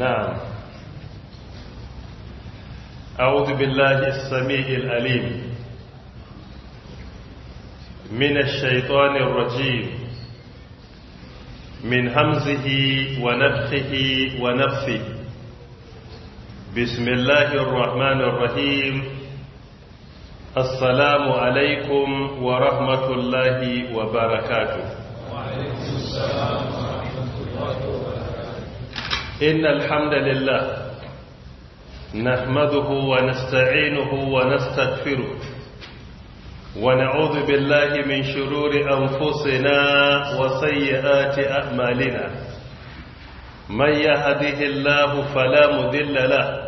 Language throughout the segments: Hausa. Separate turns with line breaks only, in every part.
نعم أعوذ بالله السميع الأليم من الشيطان الرجيم من همزه ونفخه ونفثه بسم الله الرحمن الرحيم السلام عليكم ورحمة الله وبركاته
وعليكم السلام
إن الحمد لله نحمده ونستعينه ونستغفره ونعوذ بالله من شرور أنفسنا وسيئات أعمالنا من يهده الله فلا مذل له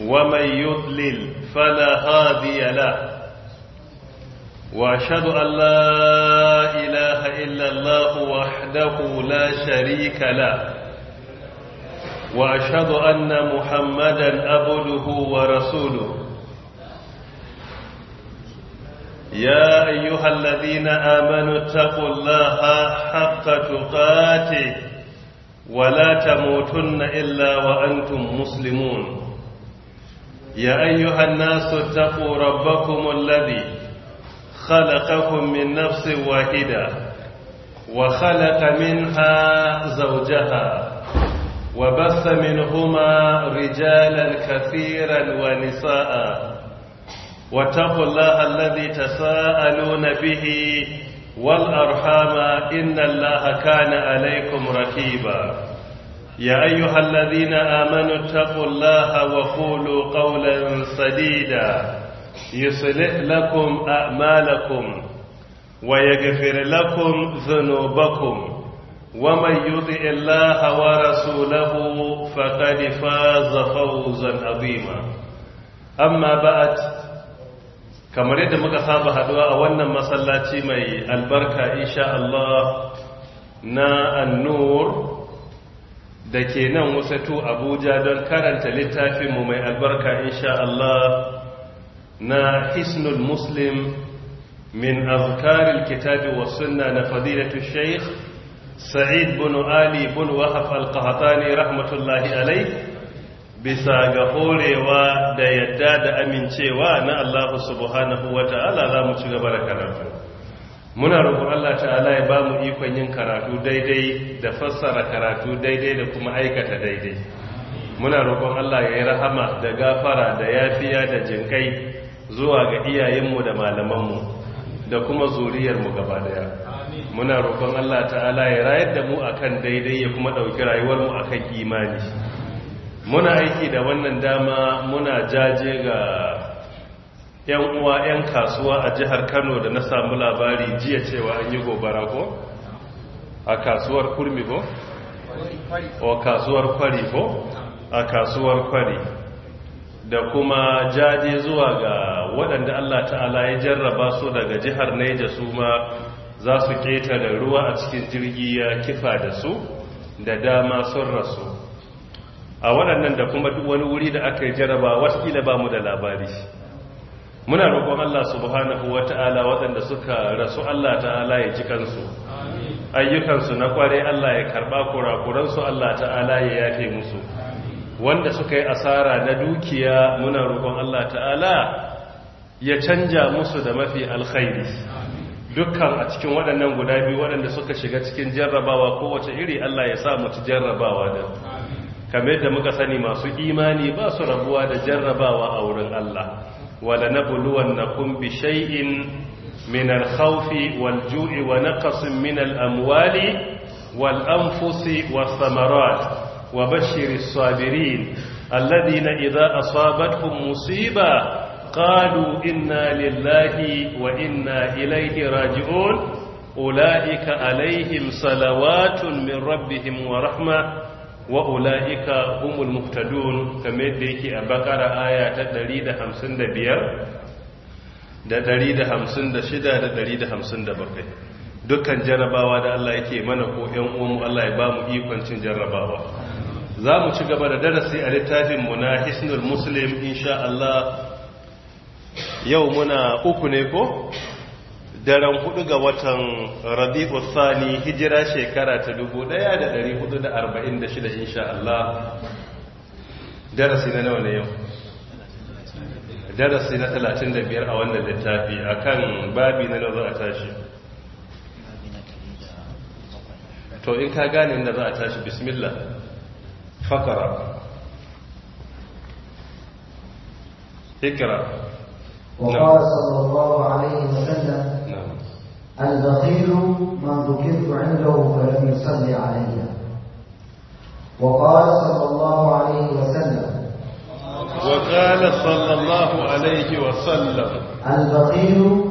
ومن يضلل فلا هادي له وأشهد أن لا إله إلا الله وحده لا شريك له وأشهد أن محمدا أبده ورسوله يا أيها الذين آمنوا اتقوا الله حق تقاته ولا تموتن إلا وأنتم مسلمون يا أيها الناس اتقوا ربكم الذي خلقكم من نفس واحدة وخلق منها زوجها وبث منهما رجالا كثيرا ونساء واتقوا الله الذي تساءلون به والأرحام إن الله كان عليكم ركيبا يا أيها الذين آمنوا اتقوا الله وقولوا قولا سديدا يصلح لكم أعمالكم ويغفر لكم ذنوبكم ومن يطع الله ورسوله فقد فاز فوزا عظيما أما بعد kamar yadda muka saba haduwa a wannan masallaci mai albarka insha Allah na annur da ke nan wasatu abuja don karanta littafinmu mai albarka insha Allah na hisnul muslim min azkaril kitabi wa sunna na fadilatu shaykh sa'id bin ali bin wahaf al-qahtani rahmatullahi alai bisa ga horewa da yadda da amincewa na Allah subhanahu wata'ala za mu ci gaba da karatu muna roƙon Allah ta'ala ya ba mu ikon yin karatu daidai da fassara karatu daidai da kuma aikata daidai muna roƙon Allah ya yi rahama da gafara da yafiya da jinkai zuwa ga iyayenmu da malamanmu da kuma zuriyarmu gaba daya muna roƙon Allah ta'ala ya rayar da mu akan daidai ya kuma ɗauki rayuwar mu akan imani muna aiki da wannan dama muna jaje ga yan uwa yan kasuwa a jihar Kano da na samu labari jiya cewa an yi gobara ko a kasuwar kurmi ko o kasuwar kwari ko a kasuwar kwari
da kuma jaje zuwa ga waɗanda Allah ta'ala ya jarraba su daga jihar Neja su ma
za su da ruwa a cikin jirgi ya kifa da su da dama sun rasu a waɗannan da kuma duk wani wuri da aka yi jaraba watakila ba mu da labari muna roƙon Allah subhanahu wa ta'ala waɗanda suka rasu Allah ta'ala ya ji kansu ayyukansu na ƙware Allah ya karɓa kurakuransu Allah ta'ala ya yafe musu wanda suka yi asara na dukiya muna roƙon Allah ta'ala ya canja musu da mafi alkhairi dukkan a cikin waɗannan guda biyu waɗanda suka shiga cikin jarrabawa kowace iri Allah ya sa mu jarrabawa da kamar yadda muka sani masu imani ba su rabuwa da jarrabawa a wurin Allah wala nabluwannakum bi shay'in min al-khawfi wal-ju'i wa naqsin min al-amwali wal-anfusi was-samarat wa bashshiris sabirin alladhina idha asabatkum musibah قالوا إنا لله وإنا إليه راجعون أولئك عليهم صلوات من ربهم ورحمة وأولئك هم المهتدون كما يديك أبقر آية تدريد همسن دبير ددريد همسن دشدة ددريد همسن دبقر dukkan jarrabawa da Allah yake mana ko ƴan uwanmu Allah ya bamu ikon cin jarrabawa za mu ci gaba da darasi a littafin mu na hisnul muslim insha Allah yau muna uku ne ko daren hudu ga watan rabi'u sani hijira shekara ta 1446 insha Allah darasi na nawa ne yau darasi na 35 a wannan littafi akan babi na nawa za a tashi to in ka gane inda za a tashi bismillah fakara ikra وقال نعم.
صلى الله عليه وسلم نعم. البخيل من ذكرت عنده فلم يصلي علي وقال صلى الله
عليه وسلم وقال صلى الله عليه وسلم البخيل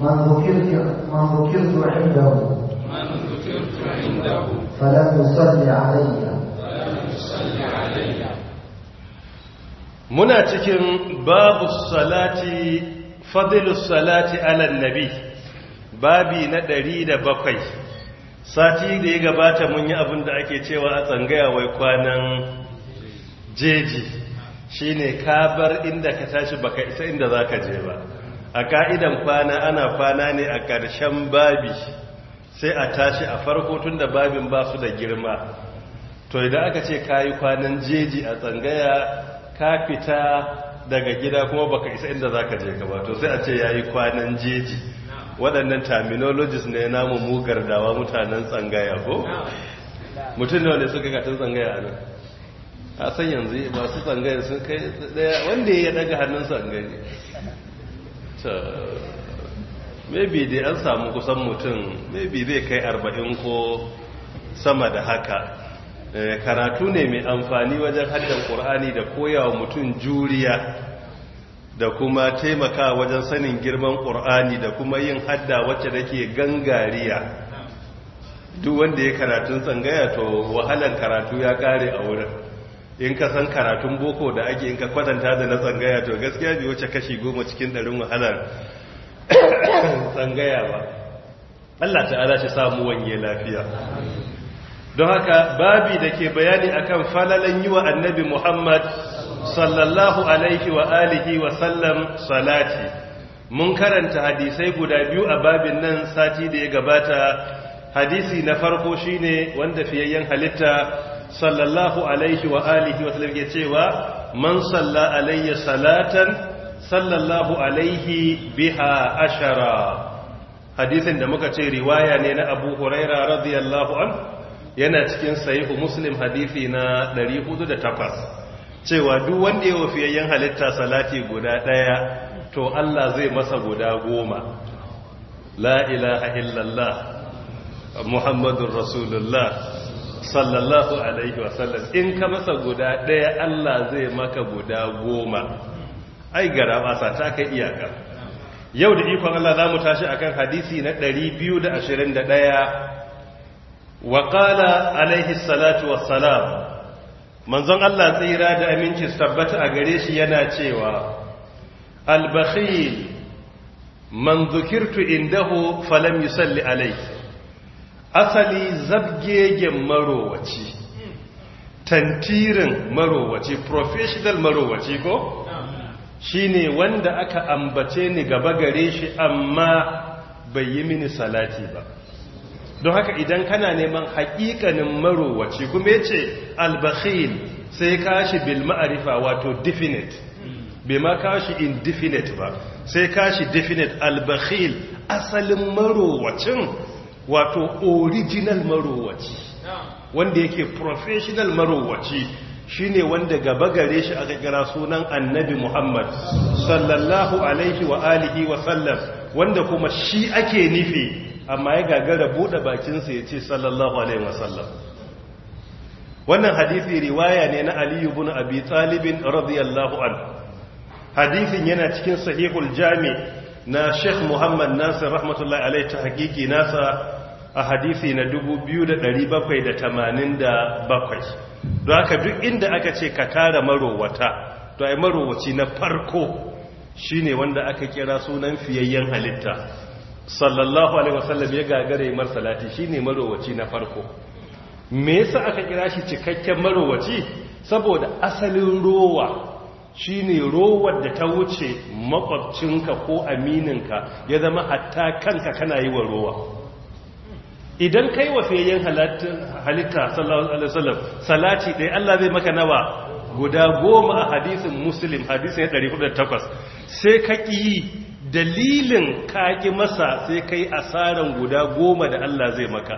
من ذكرت من ذكرت
عنده من ذكرت عنده فلم يصلي علي muna cikin babu salati fadilus salati ala nabi babi na ɗari da bakwai sati da ya gabata mun yi abin da ake cewa a tsangaya wai kwanan jeji shine ka bar inda ka tashi baka isa inda za ka je ba a ka'idan kwana ana kwana ne a ƙarshen babi sai a tashi a farko tun da babin ba su da girma to idan aka ce ka yi kwanan jeji a tsangaya ka fita daga gida kuma baka isa inda zaka je ka ba to sai a ce yayi kwanan jeji waɗannan terminologies ne na mu gardawa mutanen tsangaya ko mutum ne wanda suka gatan tsangaya a nan a san yanzu masu tsangaya sun kai daya wanda ya daga hannun tsangaya ta maybe dai an samu kusan mutum maybe zai kai arba'in ko sama da haka Eh, karatu ne mai amfani wajen haddan ƙur'ani da koyawa mutum juriya da kuma taimaka wajen sanin girman ƙur'ani da kuma yin hadda wacce take gangariya duk wanda ya karatun tsangaya to wahalar karatu ya kare a wurin in ka san karatun boko da ake in ka kwatanta da na tsangaya to gaskiya bi wacce kashi goma cikin ɗarin wahalar tsangaya ba Allah ta'ala shi samu wanye lafiya don haka babi da ke bayani akan falalan yi wa annabi muhammad sallallahu alaihi wa alihi wa sallam salati mun karanta hadisai guda biyu a babin nan sati da ya gabata hadisi na farko shine wanda fiyayyen halitta sallallahu alaihi wa alihi wa sallam ke cewa man salla alayya salatan sallallahu alaihi biha ashara hadisin da muka ce riwaya ne na abu huraira radiyallahu anhu yana cikin sahihu muslim hadisi na 408 cewa duk wanda ya wafiyayyen halitta salati guda daya to Allah zai masa guda goma la ilaha illallah muhammadur rasulullah sallallahu alaihi wasallam in ka masa guda daya Allah zai maka guda goma ai gara sa ta kai iyaka yau da ikon Allah za mu tashi akan hadisi na 221 wa qala alaihi salatu wassalam manzon Allah tsira da aminci sabbata tabbata a gare shi yana cewa albakhil manzukirtu man dhukirtu indahu falam yusalli alaihi asali zabgegen marowaci tantirin marowaci professional marowaci ko shine wanda aka ambace ni gaba gare shi amma bai yi mini salati ba don haka idan kana neman haƙiƙanin marowaci kuma ya ce albakhil sai kashi bil ma'arifa wato definite bai ma kashi indefinite ba sai kashi definite albakhil asalin marowacin wato original marowaci wanda yake professional marowaci shine wanda gaba gare shi a kira sunan annabi Muhammad sallallahu alaihi wa alihi wa sallam wanda kuma shi ake nufi amma ya gagara buɗe bakinsa ya ce sallallahu alaihi wasallam wannan hadithi riwaya ne na aliyu bin abi talibin radiyallahu an hadithin yana cikin sahihul jami na sheikh muhammad nasir rahmatullahi alaihi ta hakiki nasa a hadithi na 2787 don haka duk inda aka ce ka tara marowata to ai marowaci na farko shine wanda aka kira sunan fiyayyen halitta sallallahu alaihi wasallam ya gagare mar salati shine marowaci na farko me yasa aka kira shi cikakken marowaci saboda asalin rowa shine rowar da ta wuce makwabcinka ko amininka ya zama hatta kanka kana yi wa rowa idan kai wa fiyayyen halitta sallallahu alaihi wasallam salati dai Allah zai maka nawa guda goma a hadisin muslim hadisin 408 sai ka ƙi dalilin kaki masa sai kai asaran guda goma da Allah zai maka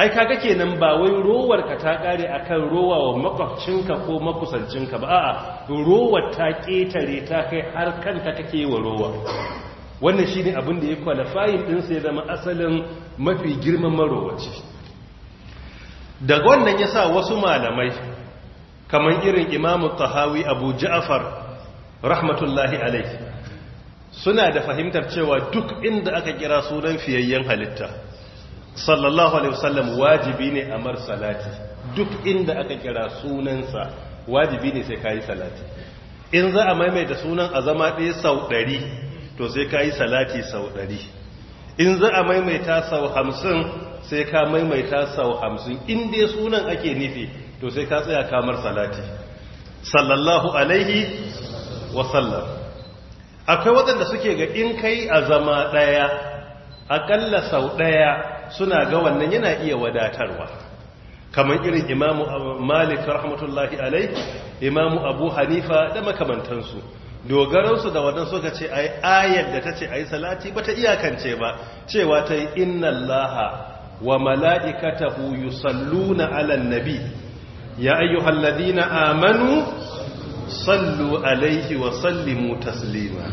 ai kaga kenan ba wai rowar ka ta kare akan rowa wa makwabcinka ko makusancinka ba a'a rowar ta ƙetare ta kai har kanka kake wa rowa wannan shine abin da ya qualifying din sai zama asalin mafi girman marowaci daga wannan ya sa wasu malamai kamar irin Imam Tahawi Abu Ja'far rahmatullahi alaihi suna da fahimtar cewa duk inda aka kira sunan fiyayyen halitta sallallahu alaihi wasallam wajibi ne a mar salati duk inda aka kira sunansa wajibi ne sai kai salati in za a maimaita sunan a zama ɗaya sau ɗari to sai kai salati sau ɗari in za a maimaita sau hamsin sai ka maimaita sau hamsin in dai sunan ake nufi to sai ka tsaya kamar salati sallallahu alaihi wasallam akwai waɗanda suke ga in kai a zama ɗaya aƙalla sau ɗaya suna ga wannan yana iya wadatarwa kamar irin imamu malik rahmatullahi alai imamu abu hanifa da makamantansu dogaransu da wadansu suka ce ai ayar da ta ce yi salati ba ta iyakance ba cewa ta yi inna allaha wa mala'ikatahu yusalluna alan nabi ya ayyuhalladina amanu sallu alaihi wa sallimu taslima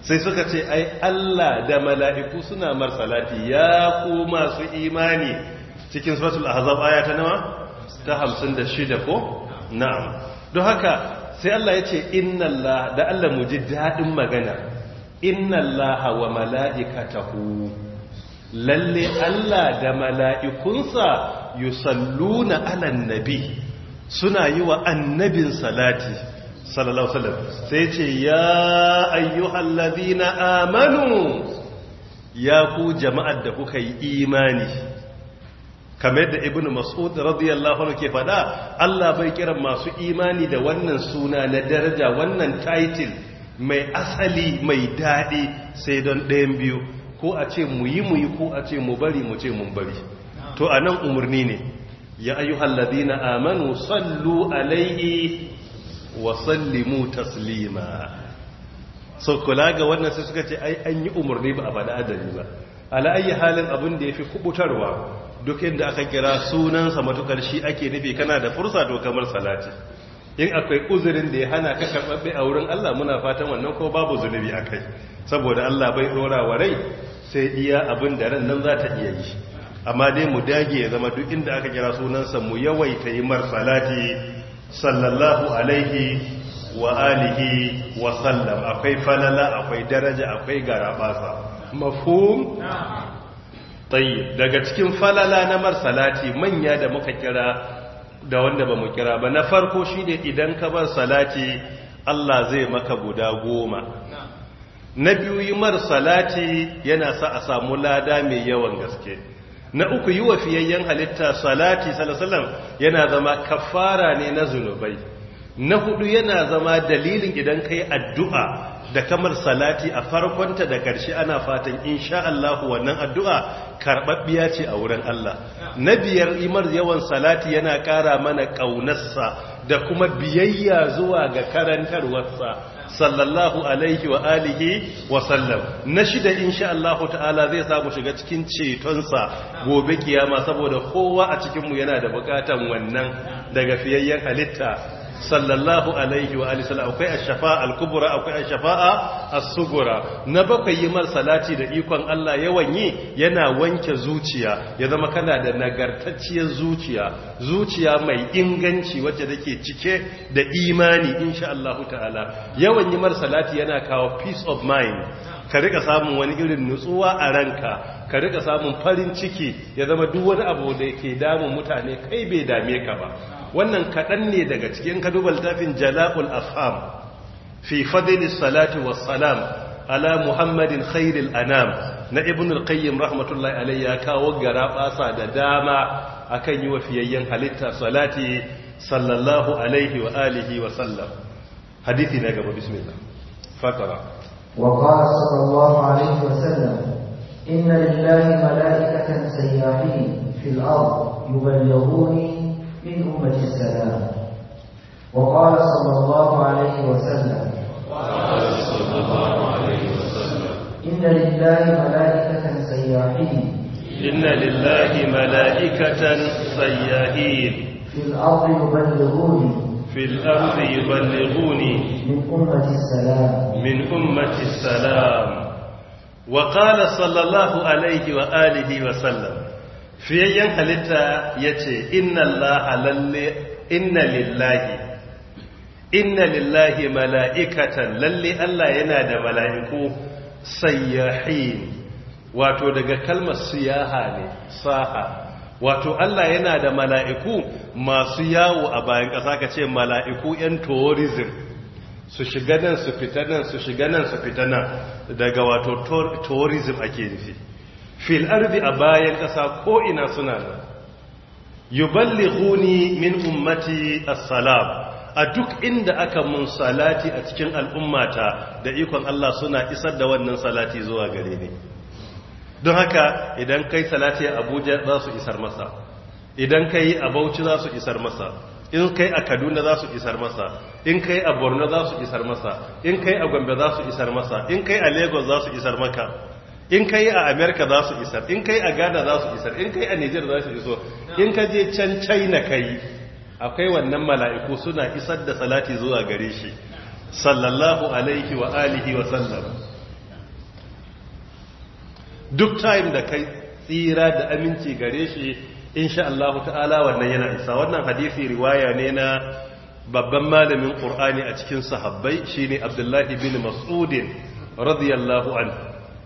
sai suka ce ai Allah da mala'iku suna marsalati ya ku masu imani cikin suratul ahzab aya ta nawa ta 56 ko na'am don haka sai Allah ya ce inna da Allah mu ji dadin magana inna wa mala'ikatahu lalle Allah da mala'ikunsa yusalluna alan nabi suna yi wa annabin salati sallallahu alaihi wasallam sai ce ya ayyuhal ladina amanu ya ku jama'ar da kuka yi imani kamar da ibn mas'ud radiyallahu anhu ke fada Allah bai kira masu imani da wannan suna na daraja wannan title mai asali mai dadi sai don ɗayan biyu ko a ce mu yi mu yi ko a ce mu bari mu ce mun bari to anan umarni ne ya ayyuhal ladina amanu sallu alaihi wa sallimu taslima so kula ga wannan sai suka ce ai an yi umarni ba a faɗi adali ba ala ayi halin abin da ya fi kubutarwa duk inda aka kira sunansa matukar shi ake nufi kana da fursa to kamar salati in akwai uzurin da ya hana ka karɓaɓɓe a wurin Allah muna fatan wannan ko babu zunubi akai saboda Allah bai dora wa rai sai iya abin da ran nan za ta iya yi amma dai mu dage ya zama duk inda aka kira sunansa mu yawaita yi mar salati sallallahu alaihi wa alihi wa sallam akwai falala akwai daraja akwai garabasa mafhum tayyib daga cikin falala na marsalati manya da muka kira da wanda bamu mu kira ba na farko shine idan ka bar salati Allah zai maka guda goma na biyu yi marsalati yana sa a samu lada mai yawan gaske na uku yi wa fiyayyen halitta salati salasalam yana zama kafara ne na zunubai na hudu yana zama dalilin idan ka yi addu'a da kamar salati a farkonta da ƙarshe ana fatan insha Allah wannan addu'a karɓaɓɓiya ce a wurin Allah na biyar imar yawan salati yana ƙara mana ƙaunarsa da kuma biyayya zuwa ga karantarwarsa sallallahu alaihi wa alihi wa sallam na shida insha Allah ta'ala zai samu shiga cikin cetonsa gobe kiyama saboda kowa a cikin mu yana da bukatan wannan daga fiyayyen halitta sallallahu alaihi wa alihi akwai ash-shafa'a al akwai ash-shafa'a as na bakwai yi mar salati da ikon Allah yawan yi yana wanke zuciya ya zama kana da nagartacciyar zuciya zuciya mai inganci wacce take cike da imani insha Allah ta'ala yawan yi mar salati yana kawo peace of mind ka rika samun wani irin nutsuwa a ranka ka rika samun farin ciki ya zama duk wani abu da ke damun mutane kai bai dame ka ba wannan kaɗan ne daga cikin ka duba jala'ul afham fi fadli salati wa salam ala muhammadin khairil anam na Ibnu al-qayyim rahmatullahi alayhi ya kawo gara fasa da dama akan yi wa fiyayyen halitta salati sallallahu alaihi wa alihi wa sallam hadisi na gaba bismillah fatara
وقال صلى الله عليه وسلم إن لله ملائكة سياحين في الأرض يبلغوني من أمة السلام وقال صلى الله عليه وسلم وقال صلى
الله عليه وسلم
إن لله ملائكة سياحين
إن لله ملائكة سياحين في الأرض
يبلغوني
في الأرض يبلغوني أمة السلام من أمة السلام وقال صلى الله عليه وآله وسلم في ينهلتا يتي إن الله للي inna lillahi mala'ikatan lalle Allah yana da mala'iku sayyahin wato daga kalmar siyaha ne saha wato Allah yana da mala'iku masu yawo a bayan ƙasa ka ce mala'iku ‘yan tourism su shiga nan su fita nan su shiga nan su fita nan daga wato tourism ake nufi fil ardi a bayan ƙasa ko ina suna nan huni min ummati assalam a duk inda aka mun salati a cikin al'ummata da ikon Allah suna isar da wannan salati zuwa gare ni don haka idan kai salati a Abuja za su isar masa idan kai a Bauchi za su isar masa in kai a kaduna za su isar masa in kai a borno za su isar masa in kai a gombe za su isar masa in kai a lagos za su isar maka in kai a america za su isar in kai a ghana za su isar in kai a niger za su iso in ka je can china kai akwai wannan mala'iku suna isar da salati zuwa gare shi sallallahu alaihi wa alihi wa sallam duk time da kai tsira da aminci gare shi insha Allah ta'ala wannan yana isa wannan hadisi riwaya ne na babban malamin Qur'ani a cikin sahabbai shine Abdullahi bin Mas'ud radiyallahu anhu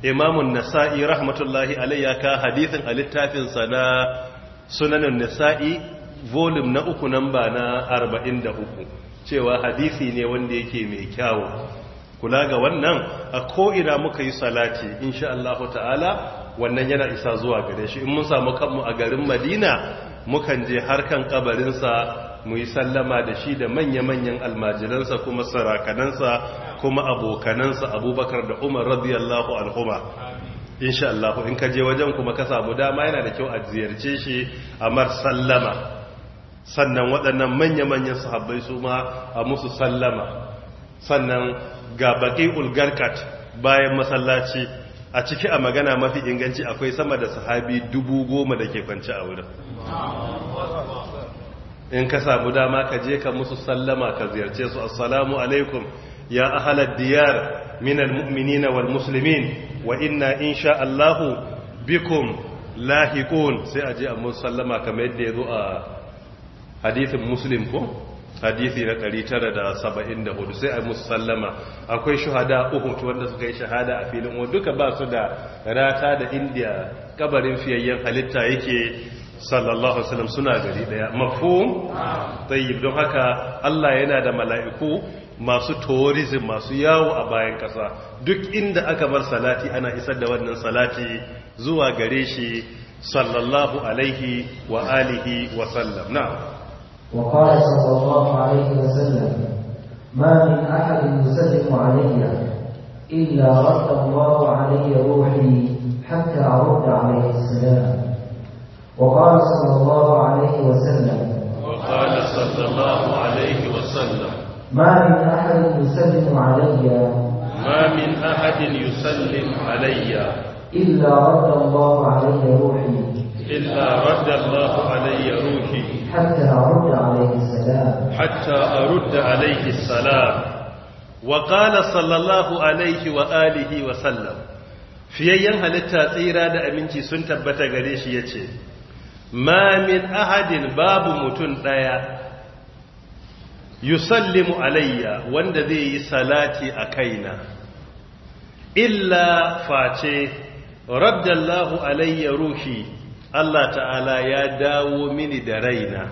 Imam an-Nasa'i rahmatullahi alayhi ka hadisin a littafin sa na Sunan an-Nasa'i volume na uku namba na 43 cewa hadisi ne wanda yake mai kyawu kula ga wannan a ko ina muka yi salati insha Allah ta'ala wannan yana isa zuwa gare shi in mun samu kanmu a garin madina mukan je har kan kabarinsa mu yi sallama da shi da manya-manyan almajiransa kuma sarakanansa kuma abokanansa abubakar da umar radiyallahu alhuma insha Allah in ka je wajen kuma ka samu dama yana da kyau a ziyarce shi a mar sallama sannan waɗannan manya-manyan sahabbai su ma a musu sallama sannan ga baƙi ulgarkat bayan masallaci a ciki a magana mafi inganci akwai sama da sahabi dubu goma da ke kwanci a wurin in ka samu dama ka je ka musu sallama ka ziyarce su assalamu alaikum ya ahalar diyar minal mu'minina wal muslimin wa inna insha Allahu bikum lahikun sai a je a musu sallama kamar yadda ya zo a hadithin muslim ko hadisi na 974 sai a musu sallama akwai shuhada uhud wanda suka yi shahada a filin wa duka ba su da rata da indiya kabarin fiyayyen halitta yake sallallahu alaihi wasallam suna gari daya mafhum tayyib don haka Allah yana da mala'iku masu tourism masu yawo a bayan kasa duk inda aka bar salati ana isar da wannan salati zuwa gare shi sallallahu alaihi wa alihi wa sallam na'am
وقال صلى الله عليه وسلم ما من أحد يسلم علي إلا رد الله علي روحي حتى أرد عليه السلام وقال صلى الله عليه وسلم وقال صلى
الله
عليه وسلم
ما من أحد يسلم علي
ما من أحد يسلم علي
إلا رد الله علي روحي
إلا رد الله علي روحي حتى أرد عليه السلام حتى أرد عليه السلام وقال صلى الله عليه وآله وسلم fiyayyen halitta tsira da aminci sun tabbata gare shi ya ce ma ahadin babu mutum ɗaya yusallimu alayya wanda zai yi salati a kaina illa face raddallahu alayya ruhi Allah ta'ala ya dawo mini da raina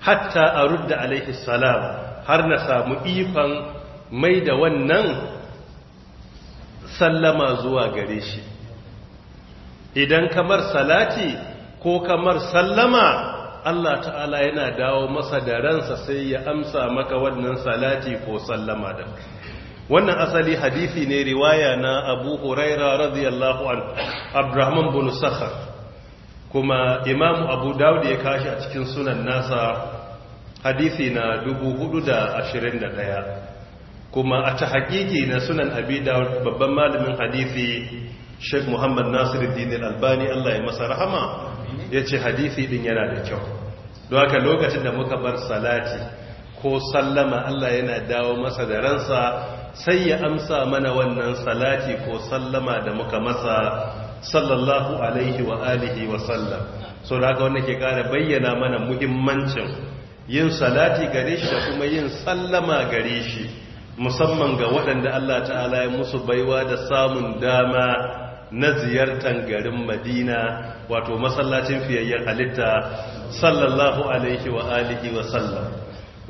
hatta a rudda alaihi salam har na samu ifan mai da wannan sallama zuwa gare shi idan kamar salati ko kamar sallama Allah ta'ala yana dawo masa da ransa sai ya amsa maka wannan salati ko sallama da wannan asali hadithi ne riwaya na abu huraira radiyallahu an abrahman bin sakhar kuma Imam abu dawud ya kashi a cikin sunan nasa hadithi na 421 kuma a ta hakiki na sunan abi babban malamin hadithi sheikh muhammad nasiruddin albani allah ya masa rahama ya ce hadithi din yana da kyau don haka lokacin da muka bar salati ko sallama allah yana dawo masa da ransa sai ya amsa mana wannan salati ko sallama da muka masa sallallahu alaihi wa alihi wa sallam so da haka wannan ke kara bayyana mana muhimmancin yin salati gare shi da kuma yin sallama gare shi musamman ga waɗanda Allah ta'ala ya musu baiwa da samun dama na ziyartar garin Madina wato masallacin fiyayyar halitta sallallahu alaihi wa alihi wa sallam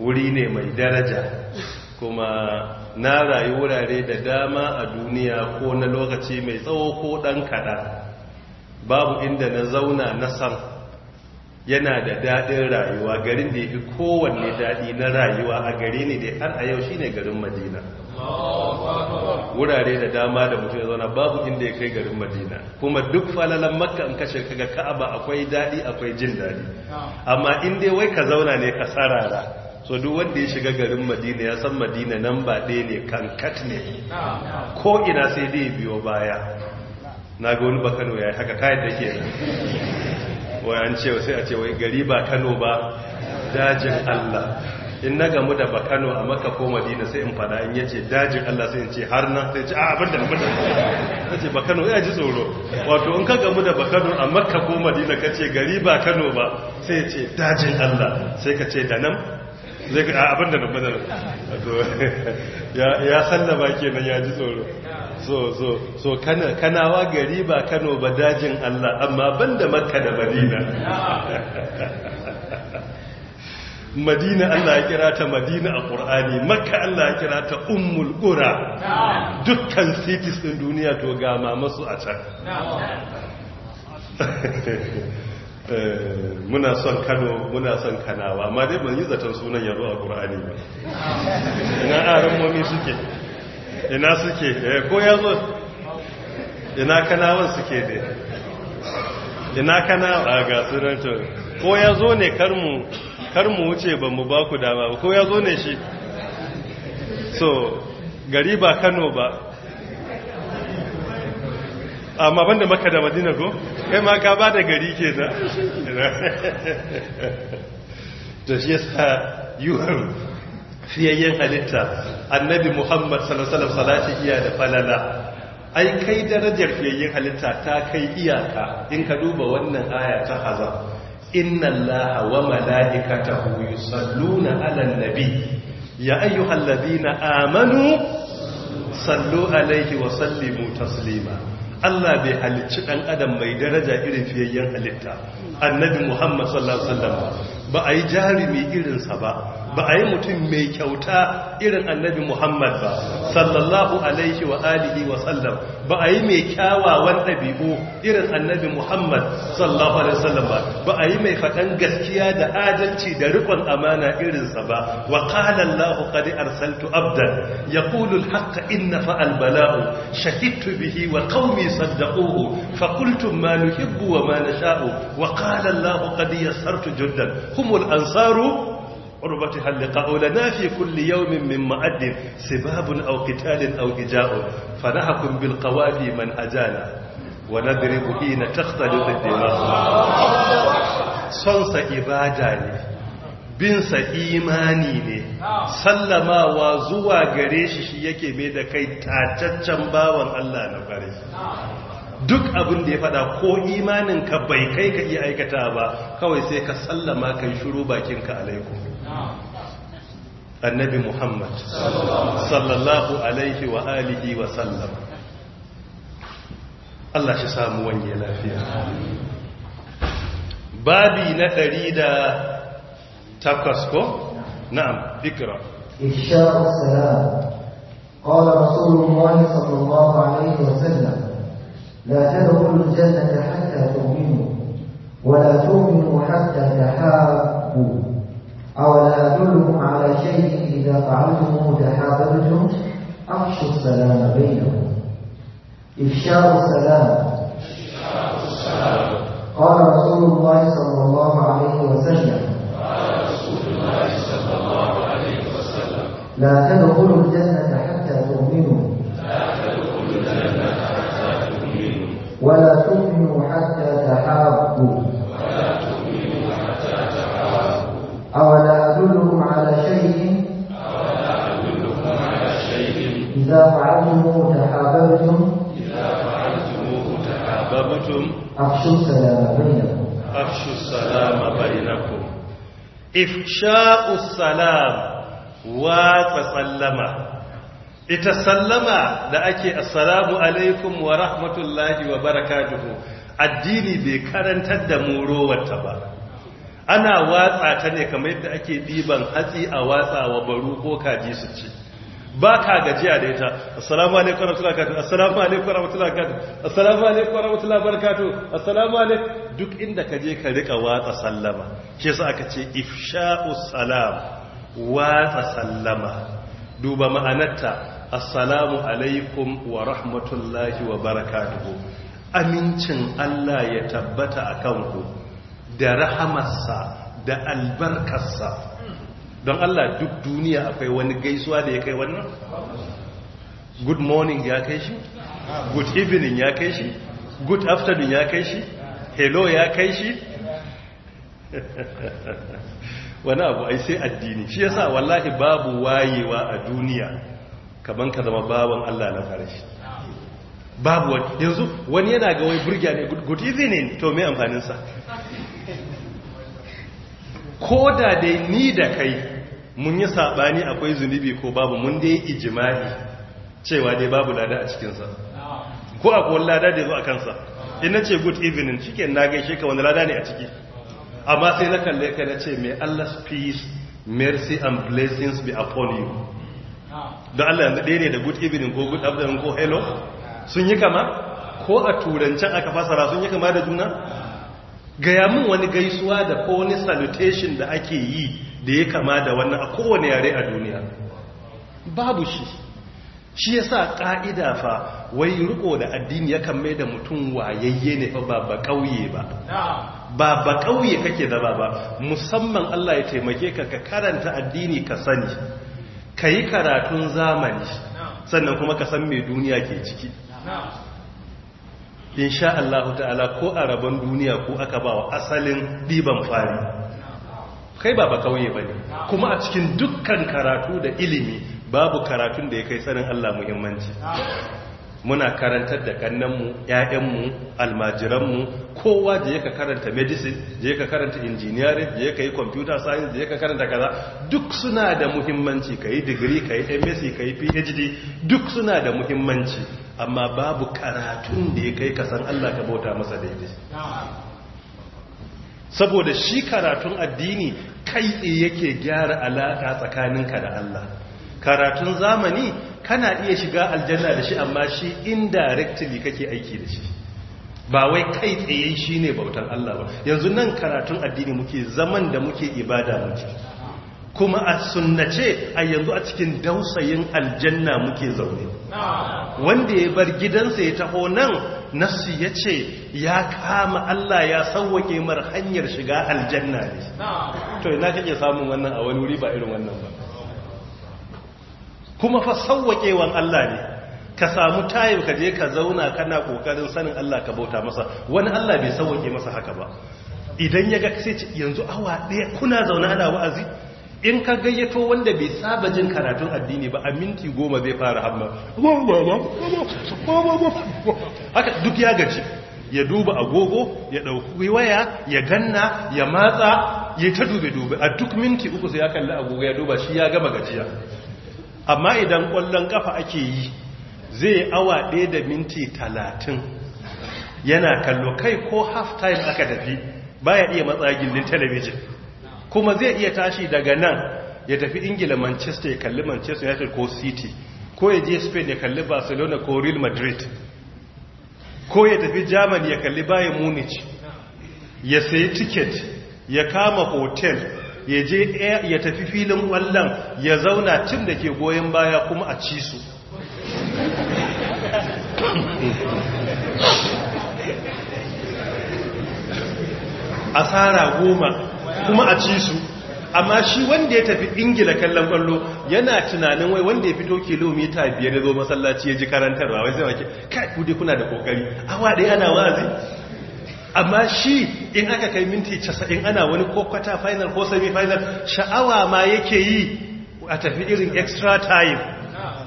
wuri ne mai daraja kuma na rayu wurare da dama a duniya ko na lokaci mai tsawo ko ɗan kaɗan babu inda na zauna na san yana da daɗin rayuwa garin da ya fi kowanne daɗi na rayuwa a gari ne da har a yau shi ne garin madina wurare da dama da mutum ya zauna babu inda ya kai garin madina kuma duk falalan makka in kashe kaga ka'aba akwai daɗi akwai jin daɗi amma in dai wai ka zauna ne ka sarara so duk wanda ya shiga garin madina ya san madina nan ba ɗaya ne kan kat ne ko ina sai dai biyo baya na ga wani ba kano ya yi haka kayan da ke wai an ce sai a ce wai gari ba kano ba dajin allah in na gamu da ba kano a maka ko madina sai in fada in yace dajin allah sai in ce har na sai ce a ah, abin da abin da na ce ba kano ya ji tsoro wato in ka gamu da ba kano a maka ko madina ka ce gari ba kano ba sai ce dajin allah sai ka ce da nan zai ah, abin da nufi da ya sallama kenan ya ji tsoro so so so kana kanawa gari ba kano ba dajin Allah amma ban da makka da madina madina Allah ya kira ta madina a ƙur'ani makka Allah ya kira ta ummul ƙura dukkan cities ɗin duniya to gama masu a can Eh, muna son kano muna son kanawa ma dai ban yi zaton sunan yanzu a ƙura'ani ba ina aron momi suke ina suke eh, ko yanzu ina kanawan suke dai ina kanawa ah, ga sunantun ko ya zo ne karmu wuce ba mu ba ku dama ba ko ya zo ne shi so gari ba kano ba amma banda maka da madina go? kai ma ka ba da gari ke da da shi yasa yiwuwar fiyayyen halitta annabi muhammad salasalam salati iya da falala ai kai darajar fiyayyen halitta ta kai iyaka in ka duba wannan aya ta haza inna allaha wa mala'ikatahu yusalluna ala nabi ya ayyuhallazina amanu sallu alaihi wa sallimu taslima Allah bai halicci ɗan adam mai daraja irin fiyayyen halitta annabi Muhammad sallallahu alaihi wasallam ba a yi jarumi irinsa ba ba a yi mutum mai kyauta irin annabi muhammad ba sallallahu alaihi wa alihi wa sallam ba a yi mai kyawawan ɗabi'u irin annabi muhammad sallallahu alaihi wasallam ba ba a yi mai faɗan gaskiya da adalci da rikon amana irinsa ba wa qala allah qad arsaltu abdan yaqulu al-haqq inna fa'al bala'u shahidtu bihi wa qaumi saddaquhu fa qultum ma nuhibbu wa ma nasha'u wa qala allah qad yassartu juddan humul ansaru قربة هل لقاء لنا في كل يوم من مؤد سباب أو قتال أو إجاء فنحكم بالقوافي من أجانا ونضرب حين تختلط الدماء صنص إباداني binsa imani ne sallamawa zuwa gare shi shi yake mai da kai tacaccen bawan Allah na bare duk abin da ya faɗa ko imaninka bai kai ka iya aikata ba kawai sai ka sallama kai shuru bakinka alaikum النبي محمد صلى الله عليه وآله وسلم الله يسام وني لا فيها بابي نفريدا تقسكو نعم فكرة
إفشاء السلام قال رسول الله صلى الله عليه وسلم لا تدخل الجنة حتى تؤمنوا ولا تؤمنوا حتى تحابوا أولا أدلكم على شيء إذا فعلتم تحاببتم أفشوا السلام بينكم إفشاء السلام قال رسول الله صلى الله عليه وسلم لا تدخلوا الجنة
ifsha'us salam watsa sallama ita sallama da ake assalamu alaikum wa rahmatullahi wa barakatuhu addini bai karantar da mu ba ana watsa ta ne kamar yadda ake diban hatsi a watsa wa baru ko kaji su ce. ba ka gajiya da ita assalamu alaikum wa barakatuh assalamu alaikum wa barakatuh assalamu alaikum wa barakatuh assalamu alaikum duk inda ka je ka rika watsa sallama shi yasa aka ce ifsha'u salam watsa sallama duba ma'anarta assalamu alaikum wa rahmatullahi wa barakatuh amincin Allah ya tabbata akan ku da rahamarsa da albarkarsa don Allah duk duniya akwai wani gaisuwa da ya kai wannan good morning ya kai shi good evening ya kai shi good afternoon ya kai shi hello ya kai shi wani abu ai sai addini shi yasa wallahi babu wayewa a duniya kaman ka zama baban Allah na farashi babu wani yanzu wani yana ga wai burgiya ne good evening to me amfaninsa ko da dai ni da kai mun yi saɓani akwai zunubi ko babu mun dai ijima'i cewa dai babu lada a cikinsa ko akwai lada da zo a kansa ina ce good evening cikin na gaishe ka wani lada ne a ciki amma sai na kalle ka na ce may Allah's peace mercy and blessings be upon you don Allah yanzu ɗaya ne da good evening ko good afternoon ko hello sun yi kama ko a turancen aka fasara sun yi kama da juna gaya mun wani gaisuwa da ko wani salutation da ake yi da ya kama da wannan a kowane yare a duniya babu shi shi ya sa ƙa'ida fa wai riko da addini ya kan mai da mutum wayayye ne fa ba ba ƙauye ba ba ba ƙauye kake da ba musamman Allah ya taimake ka ka karanta addini ka sani ka yi karatun zamani sannan kuma ka san mai duniya ke ciki insha Allah ta'ala ko a rabon duniya ko aka bawa asalin ɗiban fari kai ba ba kauye ba ne kuma a cikin dukkan karatu da ilimi babu karatun da ya kai tsarin Allah muhimmanci muna karantar da kannanmu ‘ya'yanmu almajiranmu kowa da ya ka karanta medicine da ya ka karanta engineering da ya ka yi computer science da ya ka karanta kaza duk suna da muhimmanci ka yi digiri ka yi msc ka yi phd duk suna da muhimmanci amma babu karatun da ya kai kasan allah ka bauta masa daidai saboda shi karatun addini kai tsaye yake gyara alaka tsakaninka da Allah karatun zamani kana iya shiga aljanna da shi amma shi indirectly kake aiki da shi ba wai kai tsaye shi ne bautar Allah ba yanzu nan karatun addini muke zaman da muke ibada muke kuma a sunnace a yanzu a cikin dausayin aljanna muke zaune wanda ya bar gidansa ya taho nan Nasi ya ce ya kama Allah ya sauwake mar hanyar shiga aljanna ne to ina kake samun wannan a wani wuri ba irin wannan ba kuma fa sauwakewan Allah ne ka samu tayin ka je ka zauna kana kokarin sanin Allah ka bauta masa wani Allah bai sauwake masa haka ba idan ya ga sai yanzu awa ɗaya kuna zaune ana wa'azi in ka gayyato wanda bai saba jin karatun addini ba a minti goma zai fara hamma haka duk ya gaji ya duba agogo ya ɗauki waya ya ganna ya matsa ya ta dube dube a duk minti uku sai ya kalli agogo ya duba shi ya gama gajiya amma idan kwallon kafa ake yi zai awa ɗaya da minti talatin yana kallo kai ko half time aka tafi baya iya matsa gindin talabijin kuma zai iya tashi daga nan ya tafi ingila manchester ya kalli manchester united ko city ko ya je spain ya kalli barcelona ko real madrid ko ya tafi jaman ya kalli bayan munich ya sayi tiket ya kama hotel ya je ya tafi filin wallon ya zauna cin da ke goyon baya kuma a ci su asara goma kuma a ci su amma shi wanda ya tafi ingila kallon kwallo yana tunanin wai wanda ya fito kilomita biyar ya zo masallaci ya ji karantarwa wai zai wake kai ku dai kuna da kokari awa dai ana wazi amma shi in aka kai minti casa'in ana wani ko kwata final ko semi final sha'awa ma yake yi a tafi irin extra time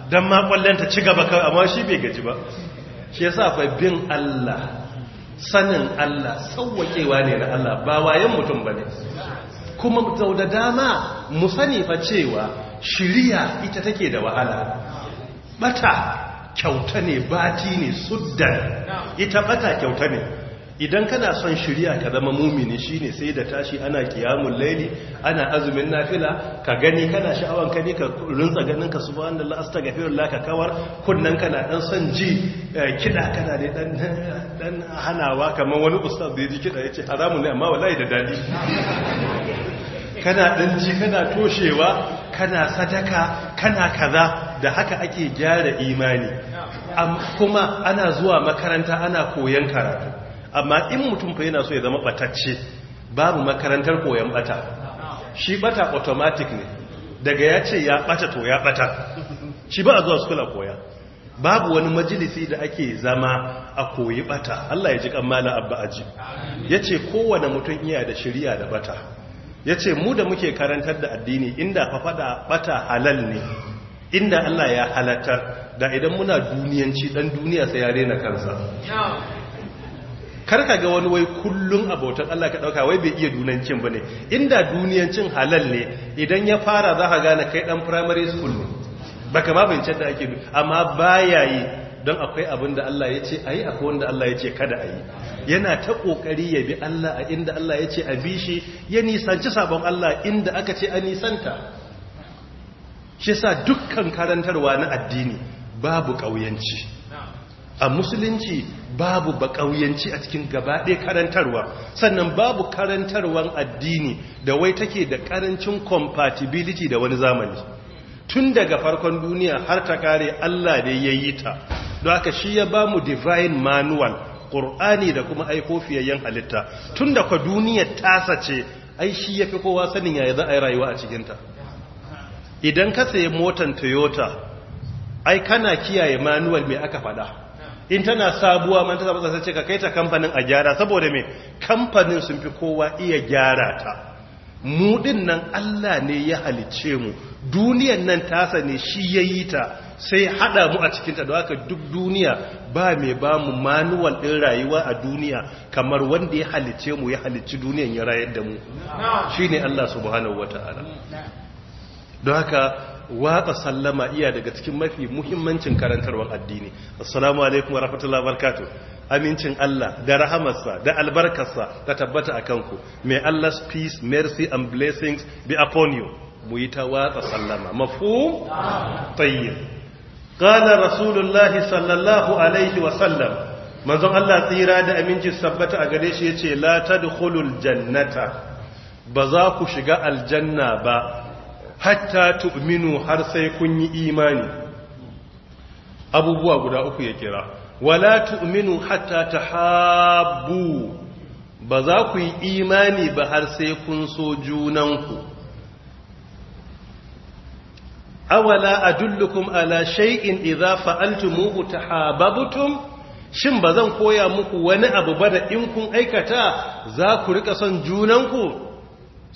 don ma ta ci gaba kawai amma shi bai gaji ba shi yasa akwai bin Allah sanin Allah sauwakewa ne na Allah ba wayan mutum ba ne kuma sau da dama mu fa cewa shirya ita take da wahala bata kyauta ne bati ne suddan ita bata kyauta ne idan kana son shirya ka zama mumini shine sai da tashi ana kiyamun laili ana azumin nafila ka gani kana sha'awan ka ne ka rinsa ganin ka subhanallah astaghfirullah ka kawar kunnan kana dan son ji eh, kida kana da dan hanawa kamar wani ustaz da ji kida yace haramun ne amma wallahi da dadi kana dan ji kana toshewa kana sadaka kana kaza da haka ake gyara imani kuma ana zuwa makaranta ana koyon karatu amma in mutum fa yana so ya zama batacce babu makarantar koyon bata shi bata automatic ne daga ya ce ya bata to ya bata shi ba a zuwa sukula koya babu wani majalisi da ake zama a koyi bata Allah ya ji kammala abba aji ya ce kowane mutum iya da shiriya da bata yace mu da muke karantar da addini inda fada bata halal ne inda Allah ya halatar da idan muna duniyanci dan duniya sai ya rena kansa karka ga wani wai kullun abotan Allah ka dauka wai bai iya dunancin bane inda duniyancin halal ne idan ya fara za ka gane kai dan primary school ne baka ma bincin da ake amma baya yi don akwai abin da Allah ya ce ayi akwai wanda Allah ya ce kada ayi yana ta kokari ya bi Allah a inda Allah ya ce a bi shi ya nisanci sabon Allah inda aka ce a nisanta shi sa dukkan karantarwa na addini babu ƙauyanci a musulunci babu bakauyanci a cikin gabaɗe karantarwa sannan babu karantarwan addini da wai take da karancin compatibility da wani zamani tun daga farkon duniya har ta kare Allah ne ya yi ta don aka shi ya ba mu divine manual ƙur'ani da kuma aiko yin halitta tun da kwa duniya tasa ce ai shi ya fi kowa sanin yaya za a yi rayuwa a cikinta idan ka sayi motan toyota ai kana kiyaye manual mai aka faɗa in tana sabuwa man ta saba sai ce ka kai ta kamfanin a gyara saboda me kamfanin sun fi kowa iya gyara ta mu din nan Allah ne ya halice mu duniyan nan ta ne shi yayi ta sai hada mu a cikin ta don haka duk duniya ba mai ba mu manuwal din rayuwa a duniya kamar wanda ya halice mu ya halicci duniyan ya rayar da mu shine Allah subhanahu wataala don haka watsa sallama iya daga cikin mafi muhimmancin karantarwar addini assalamu alaikum wa rahmatullahi barakatuh amincin Allah da rahamarsa da albarkarsa ta tabbata a kanku may Allah's peace mercy and blessings be upon you mu yi ta watsa sallama mafu tayyib qala rasulullahi sallallahu alaihi wa sallam manzon Allah tsira da amincin sabbata a gare shi yace la tadkhulul jannata ba za ku shiga aljanna ba hatta tu'minu har sai kun yi imani abubuwa guda uku ya kira wala tu'minu hatta tahabbu ba za ku yi imani ba har sai kun so junanku awala adullukum ala shay'in idza fa'altumuhu tahabbatum shin bazan koya muku wani abu ba da in kun aikata za ku rika son junanku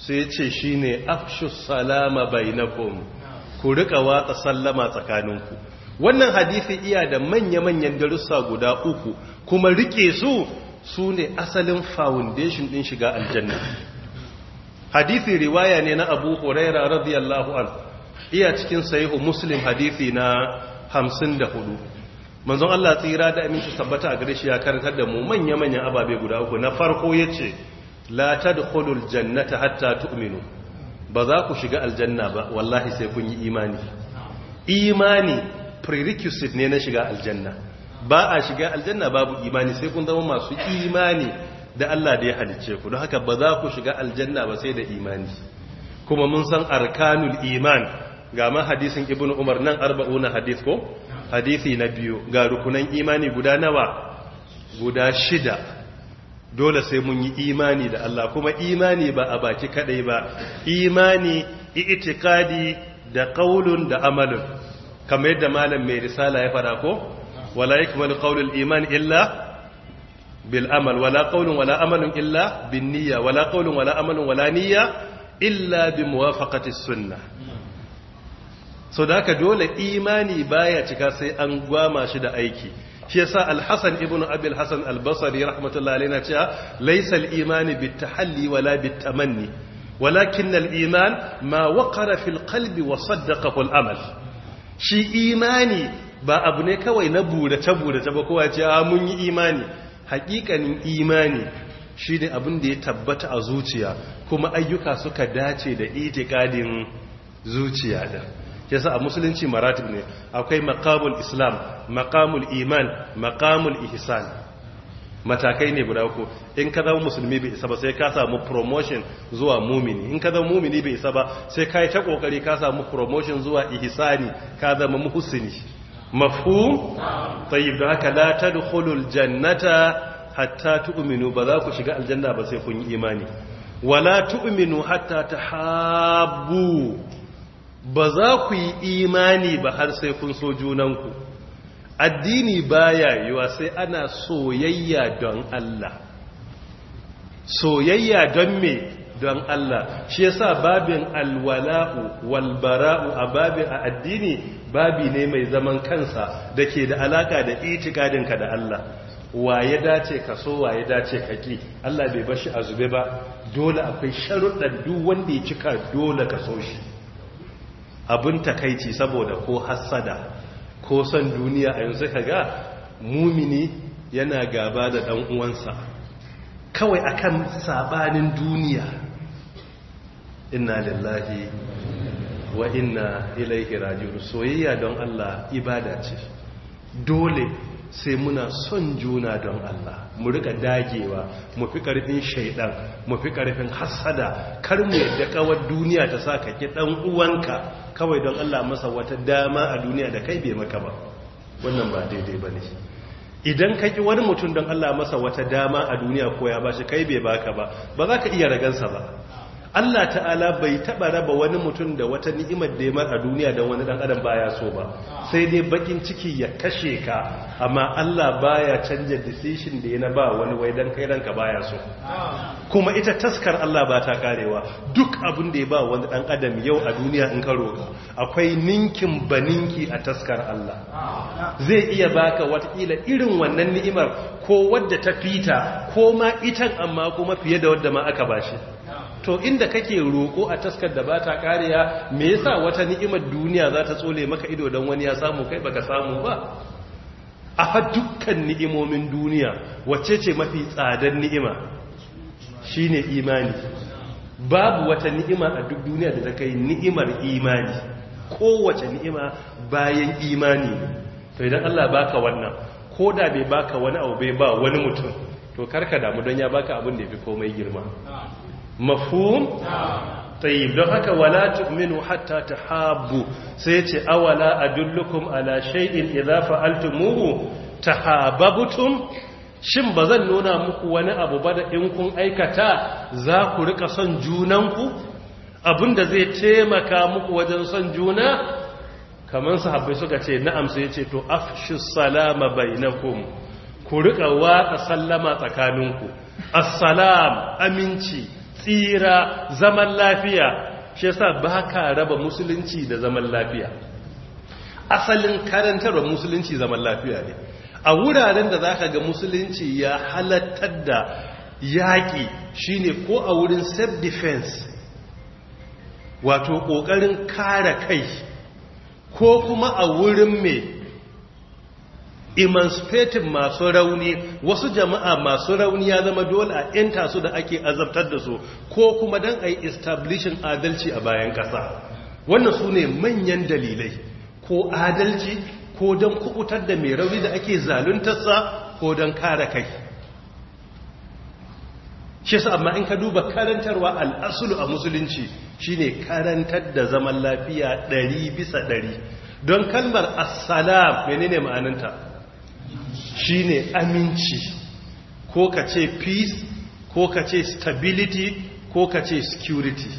sai ya ce shi ne afshus salama bainakum ku rika watsa sallama tsakaninku wannan hadisi iya da manya-manyan darussa guda uku kuma rike su su ne asalin foundation din shiga aljanna hadisi riwaya ne na abu huraira radiyallahu an iya cikin sahihu muslim hadisi na hamsin da hudu. manzon Allah tsira da aminci tabbata a gare shi ya karantar da mu manya-manyan ababe guda uku na farko yace la tadkhulul jannata hatta tu'minu ba za ku shiga aljanna ba wallahi sai kun yi imani imani prerequisite ne na shiga aljanna ba a shiga aljanna babu imani sai kun zama masu imani da Allah da ya halicce ku don haka ba za ku shiga aljanna ba sai da imani kuma mun san arkanul iman ga ma hadisin ibnu umar nan arba'una hadis ko hadisi na biyu ga rukunan imani guda nawa guda shida dole sai mun yi imani da Allah kuma imani ba a baki kadai ba imani i'tiqadi da qaulun da amalun kamar yadda malam mai risala ya fara ko wala yakmalu qaulul iman illa bil amal wala qaulun wala amalun illa bin niyya wala qaulun wala amalun wala niyya illa bi muwafaqati sunnah so da haka dole imani baya cika sai an gwama shi da aiki shi yasa al-hasan ibnu abil hasan al-basri rahmatullahi alayhi na cewa laysa al-iman bitahalli wala bitamanni walakin al-iman ma waqara fil qalbi wa saddaqahu al-amal shi imani ba abu ne kawai na burace burace ba kowa ce a ah, mun yi imani hakikanin imani shi ne abin da ya tabbata a zuciya kuma ayyuka suka dace da itikadin zuciya da yasa a musulunci maratib ne akwai maqamul islam maqamul iman maqamul ihsan matakai ne guda uku in ka zama musulmi bai isa ba sai ka samu promotion zuwa mumini in ka zama mumini bai isa ba sai ka yi ta kokari ka samu promotion zuwa ihsani ka zama muhsini mafhum tayyib da haka la tadkhulul jannata hatta tu'minu ba za ku shiga aljanna ba sai kun yi imani wala tu'minu hatta tahabbu ba za ku yi imani ba har sai kun so junanku addini baya yiwa sai ana soyayya don Allah soyayya don me don Allah shi yasa babin alwala'u barau a babin addini babi ne mai zaman kansa dake da alaka da itikadinka da Allah Wa ya dace ka so waye dace ka ki Allah bai bashi a zube ba dole akwai sharuɗan duk wanda ya cika dole ka so shi abin takaici saboda ko hassada ko son duniya a yanzu ka ga, mumini yana gaba da dan uwansa kawai akan sabanin duniya inna lillahi wa inna ilaihi raji'un soyayya don Allah ibada ce dole sai muna son juna don Allah mu rika dagewa mu fi karfin shaidan mu fi karfin hasada kar mu yadda kawar duniya ta sa kake dan uwanka kawai don Allah masa wata dama a duniya da kai bai maka ba wannan ba daidai bane idan ka ki wani mutum don Allah masa wata dama a duniya ko ya bashi kai bai baka ba ba za ka iya ragansa ba Allah ta'ala bai taba raba wani mutum da wata ni'imar da ya a duniya don wani dan adam baya so ba sai dai bakin ciki ya kashe ka amma Allah baya canja decision da yana ba wani wai dan kai ranka baya so kuma ita taskar Allah ba ta karewa duk abin da ya ba wani dan adam yau a duniya in ka roka akwai ninkin baninki a taskar Allah zai iya baka watakila irin wannan ni'imar ko wadda ta fita ko ma itan amma kuma fiye da wadda ma aka bashi to inda kake roƙo a taskar da ba ta ƙariya me yasa wata ni'imar duniya za ta tsole maka ido don wani ya samu kai baka samu ba a fa dukkan ni'imomin duniya wacce ce mafi tsadar ni'ima shine imani babu wata ni'ima a duk duniya da ta kai ni'imar imani kowace ni'ima bayan imani to idan Allah baka wannan ko da bai baka wani abu bai ba wani mutum to karka damu don ya baka abin da ya fi komai girma mafhum tayyib don haka wala tu'minu hatta tahabbu sai ce awala adullukum ala shay'in idza fa'altumuhu tahabbtum shin bazan nuna muku wani abu ba da in kun aikata za ku rika son junanku abinda zai taimaka muku wajen son juna kamar sahabbai suka ce na'am sai ce to afshi salama bainakum ku rika watsa sallama tsakaninku assalam aminci tsira zaman lafiya shi yasa ba ka raba musulunci da zaman lafiya asalin karantarwa musulunci zaman lafiya ne a wuraren da za ka ga musulunci ya halattar da yaƙi shine ko a wurin self-defense wato ƙoƙarin kare kai ko kuma a wurin mai emancipating masu rauni wasu jama'a masu rauni ya zama dole a yanta su da ake azabtar da su ko kuma don a yi establishing adalci a bayan ƙasa wannan su ne manyan dalilai ko adalci ko don kubutar da mai rauni da ake zaluntarsa ko don kare kai shi su amma in ka duba karantarwa al'asulu a musulunci shine karantar da zaman lafiya ɗari bisa ɗari don kalmar assalam menene ma'ananta Shi ne aminci ko ka ce peace ko ka ce stability ko ka ce security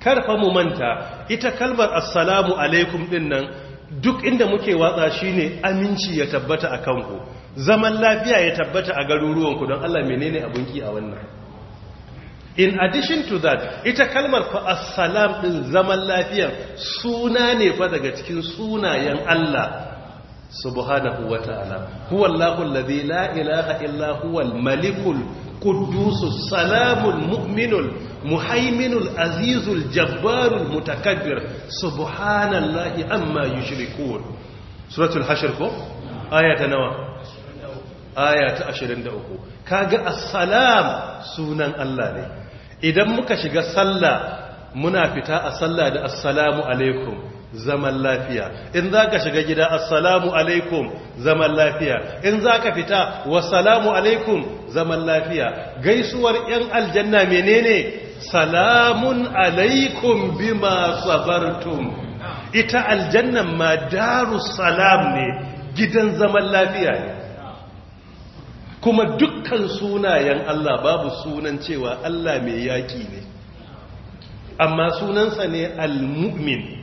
karfa mu manta ita kalmar assalamu alaikum din nan duk inda muke watsa shi ne aminci ya tabbata a kanku zaman lafiya ya tabbata a garuruwanku don Allah menene abun ki a wannan in addition to that ita kalmar fa assalam din zaman lafiya suna ne fa daga cikin sunayen Allah subhanahu wa ta'ala huwa Allahu alladhi la ilaha illa huwa al-malikul quddus salamul mu'minul muhaiminul azizul jabbarul mutakabbir subhanallahi amma yushrikun suratul hashr ko aya ta nawa aya ta 23 kaga assalam sunan Allah ne idan muka shiga sallah muna fita a sallah da assalamu alaikum zaman lafiya in za ka shiga gida assalamu alaikum zaman lafiya in za ka fita wasalamu alaikum zaman lafiya gaisuwar 'yan aljanna menene salamun alaikum bima sabartum ita aljannan ma daru salam ne gidan zaman lafiya ne kuma dukkan sunayen Allah babu sunan cewa Allah mai yaƙi ne amma sunansa ne al-mu'min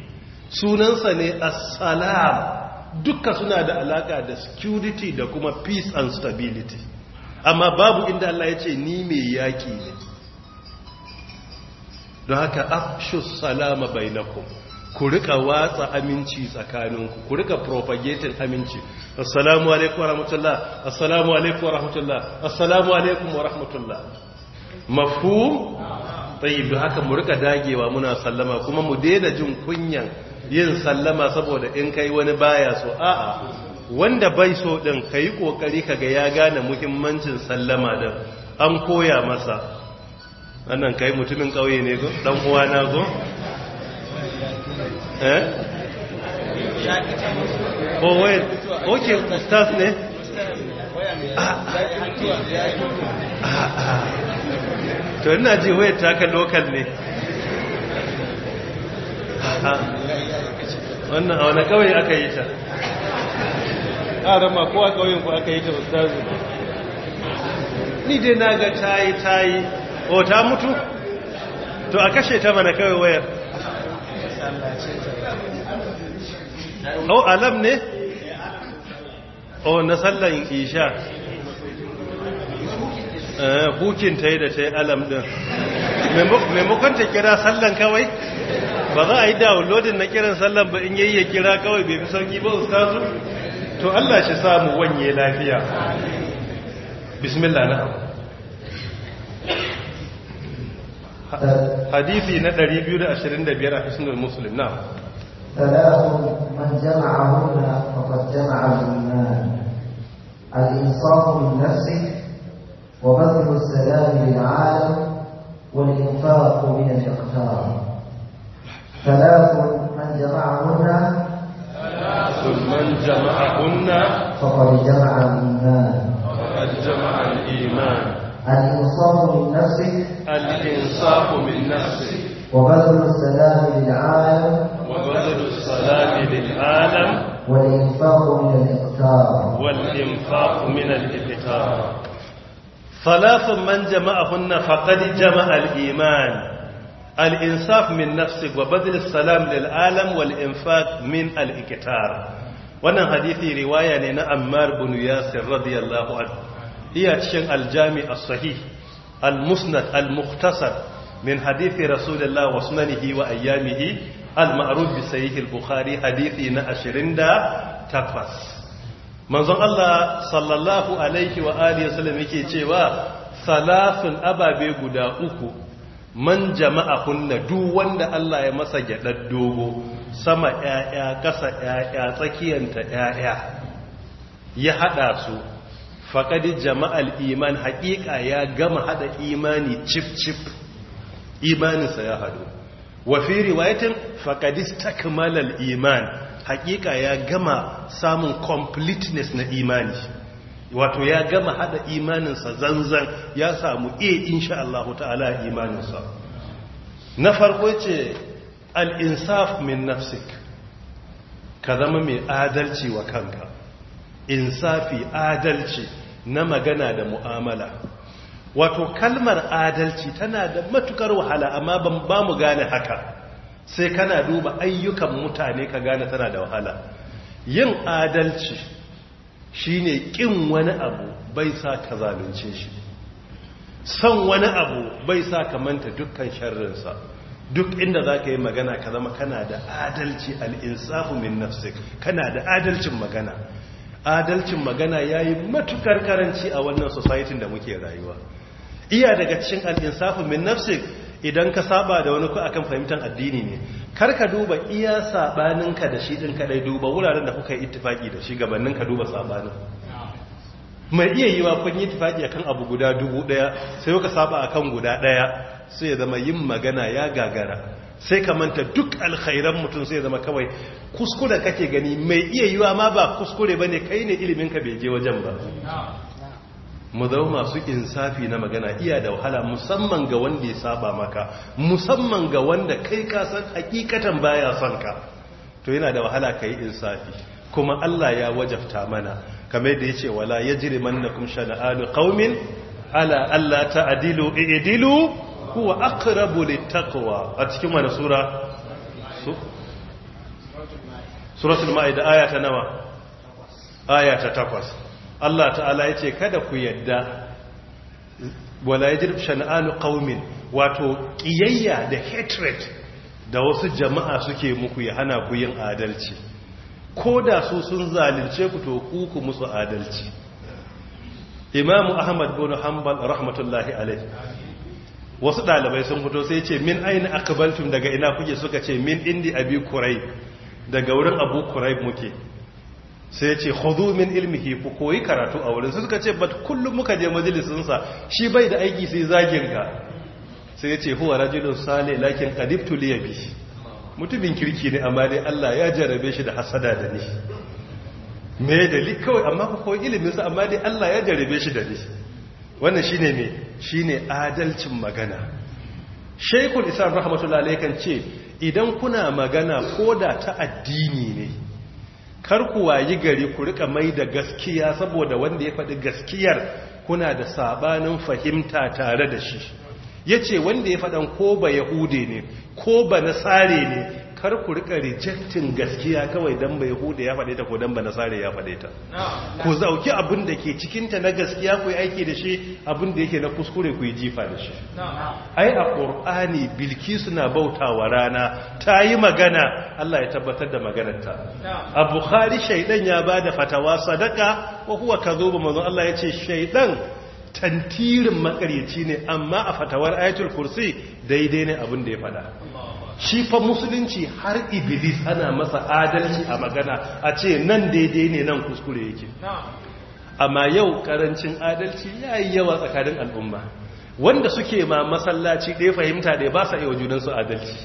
sunansa ne assalam duka suna da alaka da security da kuma peace and stability amma babu inda Allah ya ce ni mai yaƙi ne don haka afshus salama bainakum ku rika watsa aminci tsakaninku ku rika propagating aminci assalamu alaikum wa rahmatullah assalamu alaikum wa rahmatullah assalamu alaikum wa rahmatullah mafhum tayyib haka mu rika dagewa muna sallama kuma mu daina jin kunyan yin sallama saboda in kai wani baya so a'a wanda bai so din kai kokari kaga ya gane muhimmancin sallama din an koya masa annan kai mutumin kauye ne go dan uwa na go eh ko wai oke ustaz ne to ina ji wayar taka local ne wannan a wani kawai aka yi ta ƙarar ma kowa kawai ku aka yi ta ustazu ni dai na ga tayi tayi o ta mutu to a kashe ta mana kawai wayar o alam ne o na sallan isha hukin eh, ta yi da ta yi alam din maimakon ta kira sallan kawai ba za a yi downloading na kiran sallan ba in yayi ya kira kawai bai fi sauki ba ustazu to Allah shi sa mu wanye lafiya bismillah na hadisi na 225 a cikin muslim na
ثلاث من جمعهن فقد جمع الإيمان الإنصاف من نفسك وبذل السلام للعالم والإنفاق من الإقتار ثلاث من جمعهن ثلاث من جمعهن فقد جمع الإيمان فقد جمع الإيمان الإنصاف من نفسك الإنصاف من نفسك وبذل السلام للعالم
وبذل السلام للعالم
والإنفاق من الإقتار
والإنفاق من الإقتار ثلاث من جمعهن فقد جمع الإيمان al-insaf min nafsi wa badl salam lil alam wal min al wannan hadisi riwaya ne na Ammar bin Yasir radiyallahu anhu iya cikin al-Jami sahih al-Musnad al-Mukhtasar min hadisi Rasulullah wa sunanihi wa ayyamihi al-ma'ruf bi sahih al-Bukhari hadithi na 28 manzon Allah sallallahu alaihi wa alihi wasallam yake cewa salasun ababe guda uku man jama'a kunna duk wanda Allah ya masa gyadar dogo sama ‘ya'ya ƙasa ‘ya'ya tsakiyanta ‘ya'ya ya haɗa su faqad jama'al iman haƙiƙa ya gama haɗa imani chip imani imaninsa ya haɗu fi riwayatin faqad istakmalal iman haƙiƙa ya gama samun completeness na imani wato ya gama hada imaninsa zanzan ya samu e insha Allah ta'ala imaninsa na farko ce al-insaf min nafsik ka zama mai adalci wa kanka insafi adalci na magana da mu'amala wato kalmar adalci tana da matukar wahala amma ban ba mu gane haka sai kana duba ayyukan mutane ka gane tana da wahala yin adalci Shi ne ƙin wani abu bai sa ka zalunce shi son wani abu bai sa ka manta dukkan sharrinsa duk inda za ka yi magana ka zama kana da adalci al'insafu min nafsik kana da adalcin magana adalcin magana ya yi matukar karanci a wannan society da muke rayuwa iya daga cikin al'insafu min nafsik idan ka saba da wani akan fahimtar addini ne kar ka duba iya sabaninka da shi din kadai duba wuraren da kuka yi ittifaki da shi gabanin ka duba sabanin mai iya yiwa kun yi ittifaki akan abu guda dubu daya sai ka saba akan guda ɗaya, sai ya zama yin magana ya gagara sai ka manta duk alkhairan mutum sai ya zama kawai kuskure kake gani mai iya yiwa ma ba kuskure ba bane kai ne ilimin ka bai je wajen ba mu zama masu insafi na magana iya da wahala musamman ga wanda ya saba maka musamman ga wanda kai ka san hakikatan baya son ka to yana da wahala ka yi insafi kuma Allah ya wajafta mana kamar da ya ce wala yajrimannakum shana'anu qaumin ala alla ta'dilu i'dilu huwa aqrabu littaqwa a cikin wani sura suratul ma'ida aya ta nawa aya ta takwas Allah ta'ala ya ce kada ku yadda wala shan'anu kaumin wato ƙiyayya da hatred da wasu jama'a suke muku ya hana ku yin adalci ko da su sun zalunce ku to ku ku musu adalci imamu ahmad bin hanbal rahmatullahi alaihi wasu ɗalibai sun fito sai ce min aini akabaltum daga ina kuke suka ce min indi abi kurai daga wurin abu kurai muke sai ya ce hudu min ilmihi ku koyi karatu a wurin suka ce bat kullum muka je majalisinsa shi bai da aiki sai zagin ka sai ya ce huwa rajulun sale lakin qadibtu li bi mutumin kirki ne amma dai Allah ya jarabe shi da hasada da ni me da li kawai amma ku koyi ilimin sa amma dai Allah ya jarabe shi da ni wannan shine me shine adalcin magana Sheikhul Islam rahmatullahi alayhi kan ce idan kuna magana koda ta addini ne kar ku wayi gari ku rika mai da gaskiya saboda wanda ya faɗi gaskiyar kuna da sabanin fahimta tare da shi yace wanda ya faɗan ko ba yahude ne ko ba nasare ne kar ku rika rejectin gaskiya kawai dan bai hude ya faɗe ta ko dan ba nasare ya faɗe ta ku zauki abin da ke cikin ta na gaskiya ku yi aiki da shi abin da yake na kuskure ku yi jifa da shi ai a qur'ani bilkisu na bautawa rana ta yi magana Allah ya tabbatar da maganar ta a bukhari shaidan ya bada fatawa sadaka wa huwa kadhubu manzo Allah ya ce shaidan tantirin makaryaci ne amma a fatawar ayatul kursi daidai ne abin da ya faɗa shi fa musulunci har iblis ana masa adalci a magana a ce nan daidai ne nan kuskure yake amma yau karancin adalci ya yi yawa tsakanin al'umma wanda suke ma masallaci ɗaya fahimta ɗaya ba sa iya junansu adalci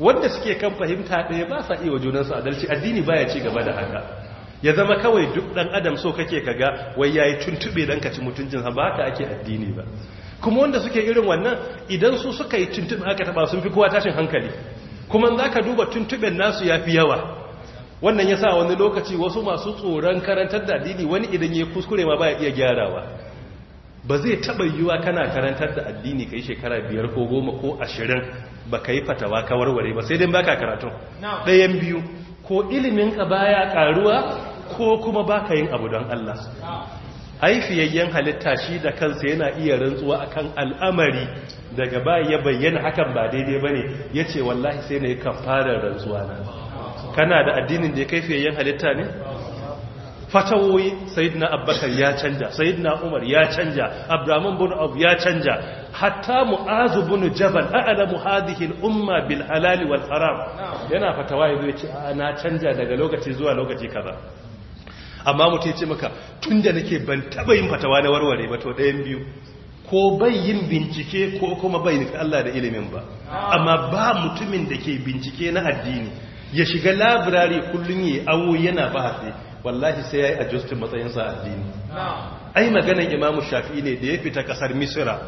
wanda suke kan fahimta ɗaya ba sa iya junansu adalci addini baya ci gaba da haka ya zama kawai duk ɗan adam so kake kaga wai yayi tuntube dan ka ci mutuncin ba ka ake addini ba kuma wanda suke irin wannan idan su suka yi tuntuɓin aka taɓa sun fi kowa tashin hankali kuma za ka duba tuntuɓin nasu ya fi yawa wannan ya sa wani lokaci wasu masu tsoron karantar da addini wani idan ya kuskure ma baya iya gyarawa ba zai taɓa yiwuwa kana karantar da addini ka yi shekara biyar ko goma ko ashirin ba ka yi fatawa ka warware ba sai dai ba ka karatun ɗayan biyu ko ilimin ka baya ƙaruwa ko kuma ba ka yin abu don Allah aifiyayyen halitta shi da kansa yana iya rantsuwa akan al'amari daga baya ya bayyana hakan ba daidai ba ne. Ya ce wallahi sai na yi fara rantsuwa na kana da addinin da ya kaifiyayyen halitta ne fatawoyi sayyidina abbakar ya canja sayyidina umar ya canja abraman bin abu ya canja hatta mu'azu bin jabal a'ala hadhihi umma bil halal wal haram yana fatawa yazo ce na canja daga lokaci zuwa lokaci kaza amma mutum ce maka tun da nake ban taba yin fatawa na warware ba to ɗayan biyu ko bai yin bincike ko kuma bai nufi Allah da ilimin ba amma ba mutumin da ke bincike na addini ya shiga labirari kullum yi awo yana hafi wallahi sai ya yi matsayin matsayinsa addini ai maganan imamu shafi ne da ya fita kasar misira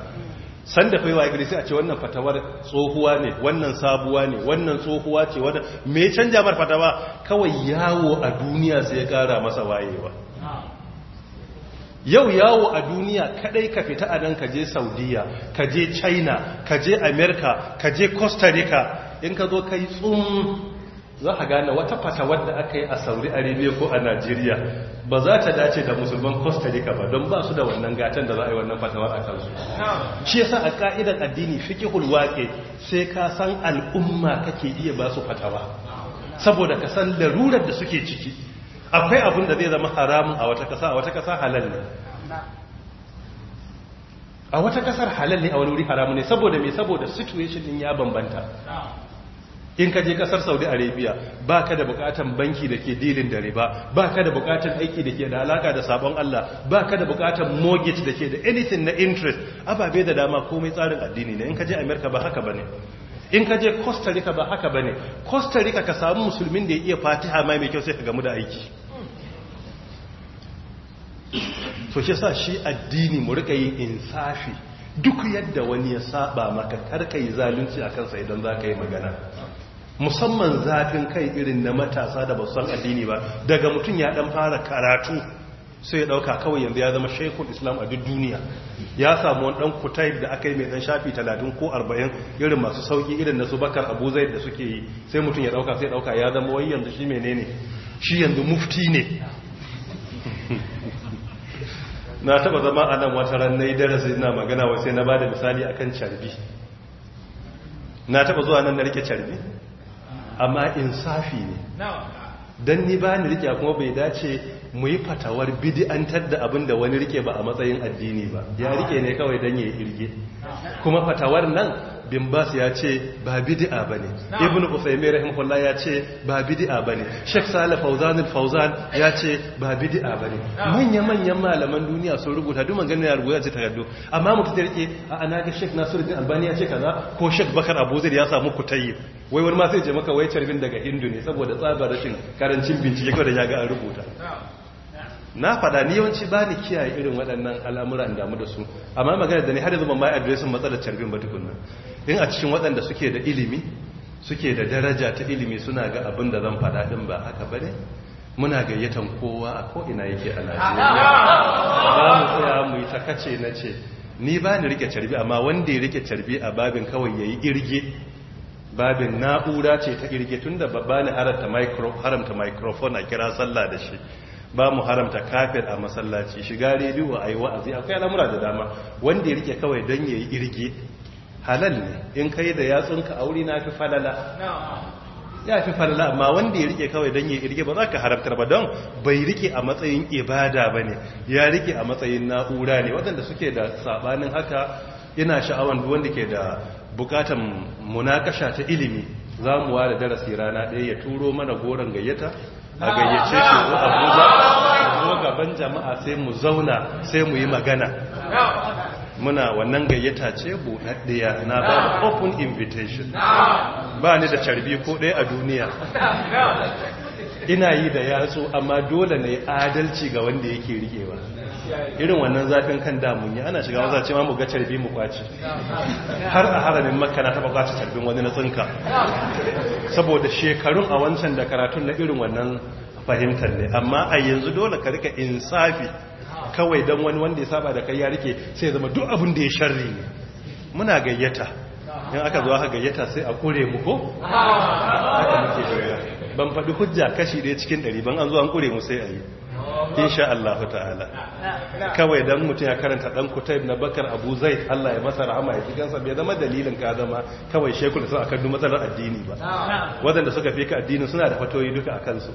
sanda faiwa gari sai a ce wannan fatawar tsohuwa ne wannan sabuwa ne wannan tsohuwa ce wadda mai canja mar fatawa kawai yawo a duniya sai ya kara masa wayewa yau yawo a duniya kadai ka fita a nan ka je saudiya ka je china ka je america ka je costa rica in ka zo ka yi tsun za a gane wata fata wadda aka yi a sauri a arabia ko a najeriya ba za ta dace da musulman costa rica ba don ba su da wannan gatan da za a yi wannan fatawar a kansu shi yasa a ka'idar addini hulwa ke sai ka san al'umma kake iya ba su fatawa saboda ka san larurar da suke ciki akwai abin da zai zama haramun a wata kasa a wata kasa halal ne a wata kasar halal ne a wani wuri haramun ne saboda me saboda situation din ya bambanta in ka je kasar saudi arabia ba ka da bukatan banki da ke dilin da riba ba ka da bukatan aiki da ke da alaka da sabon allah ba ka da bukatan mortgage da ke da anything na interest ababe da dama komai tsarin addini ne in ka je america ba haka ba ne in ka je costa rica ba haka ba ne costa rica ka samu musulmin da ya iya fatiha mai mai kyau sai ka gamu da aiki so shi sa shi addini mu rika yin insafi duk yadda wani ya saba maka kar yi zalunci a kansa idan za ka yi magana musamman zafin kai irin na matasa da ba san addini ba daga mutum ya dan fara karatu sai ya dauka kawai yanzu ya zama shekul islam a duk duniya ya samu wani dan kutai da aka yi mai dan shafi 30 ko 40 irin masu sauki irin na su bakar abu zaid da suke yi sai mutum ya dauka sai dauka ya zama wai yanzu shi menene shi yanzu mufti ne na taba zama a nan wata ran nayi darasi ina magana sai na bada misali akan carbi na taba zuwa nan na rike carbi amma insafi ne don ni ba ni rike kuma bai dace mu yi fatawar bidi'antar da abin da wani rike ba a matsayin addini ba ya rike ne kawai don ya yi irge kuma fatawar nan bin bas ya ce ba ne. bane ibnu usaymin rahimahullah ya ce ba bidi'a bane sheikh salih fawzan al fauzan ya ce ba ba bane manyan manyan malaman duniya sun rubuta duk maganar ya rubuta ce takardu amma mutum da rike a ana ga sheikh nasiruddin albani ya ce kaza ko sheikh bakar abuzir ya samu ku yi. wai wani ma sai je maka wai carbin daga hindu ne saboda tsabar rashin karancin bincike kawai da ya ga an rubuta na faɗa ni yawanci ba ni kiyaye irin waɗannan al'amuran damu da su amma magana da ni har yanzu ban ma adresin matsalar carbin ba tukunna in a cikin waɗanda suke da ilimi suke da daraja ta ilimi suna ga abin da zan fada ɗin ba haka ba ne muna gayyatan kowa a ko'ina yake a najeriya za mu tsaya mu yi takace na ce ni ba ni rike carbi amma wanda ya rike carbi a babin kawai ya yi irge babin na'ura ce ta irge tun da babba ne haramta microphone a kira sallah da shi ba mu haramta kafir a masallaci shiga rediyo a yi wa'azi akwai al'amura da dama wanda ya rike kawai don ya yi irge halal ne in kai da yatsunka a wuri na fi falala ya fi falala amma wanda ya rike kawai don ya yi irge ba za ka haramtar ba don bai rike a matsayin ibada ba ne ya rike a matsayin na'ura ne waɗanda suke da saɓanin haka ina sha'awan wanda ke da bukatan munakasha ta ilimi za mu ware darasi rana ɗaya ya turo mana goron gayyata a gayyace su ko abuja a gaban jama'a sai mu zauna sai mu yi magana muna wannan gayyata ce buɗaɗɗiya na ba da open invitation ba ni da carbi ko ɗaya a duniya ina yi da yatsu amma dole na adalci ga wanda yake riƙewa irin wannan zafin kan damun yi ana shiga maza ce ma mu ga carbi mu kwaci
har a haramin
makka na taba kwaci carbin wani na tsinka saboda shekarun a wancan da karatun na irin wannan fahimtar ne amma a yanzu dole ka rika insafi kawai don wani wanda ya saba da kai ya rike sai zama duk abin da ya sharri ne muna gayyata in aka zuwa ka gayyata sai a kure mu ko ban faɗi hujja kashi ɗaya cikin ɗari ban an zo an kure mu sai a yi insha Allah ta'ala kawai dan mutum ya karanta dan kutai na bakar abu zai Allah ya masa rahama ya cikin sa bai zama dalilin ka zama kawai shekul sun akan duk matsalar addini ba wadanda suka fi ka addini suna da fatoyi duka a kansu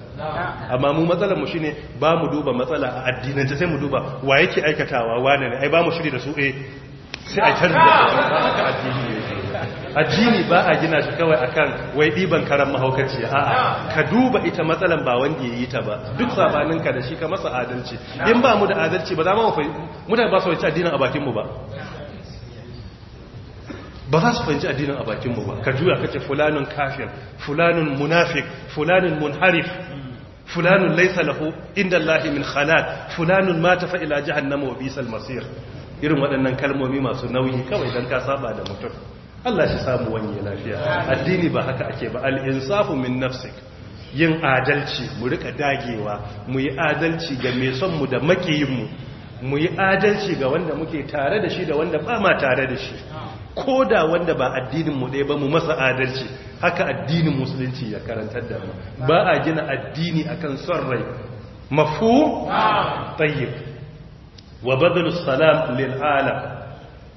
amma mu matsalar mu
shine ba mu duba matsala a addinin sai mu duba wa yake aikatawa wane ne ai ba mu shiri da su eh sai a tarbi da addini addini ba a gina shi kawai akan wai diban karan mahaukaci a'a ka duba ita matsalan ba wanda ya yi ta ba duk sabaninka da shi ka masa adalci in ba mu da adalci ba za mu da ba su fahimci addinin a bakin mu ba ba za su fahimci addinin a bakin mu ba ka juya kace fulanun kafir fulanun munafik fulanun munharif fulanun laysa lahu inda Allah min khalat fulanun mata fa ila jahannama wa bisal masir irin waɗannan kalmomi masu nauyi kawai don ka saba da mutum Allah shi samu wanye lafiya addini ba haka ake ba al’insafu min nafsik yin adalci mu rika dagewa mu yi adalci ga mai son mu da makiyinmu mu yi adalci ga wanda muke tare da shi da wanda ba ma tare da shi ko da wanda ba addininmu ɗaya ba mu masa adalci haka addinin musulunci ya karantar da mu ba a gina addini a kan son rai mafu tayyib wa badalus salam lil'ala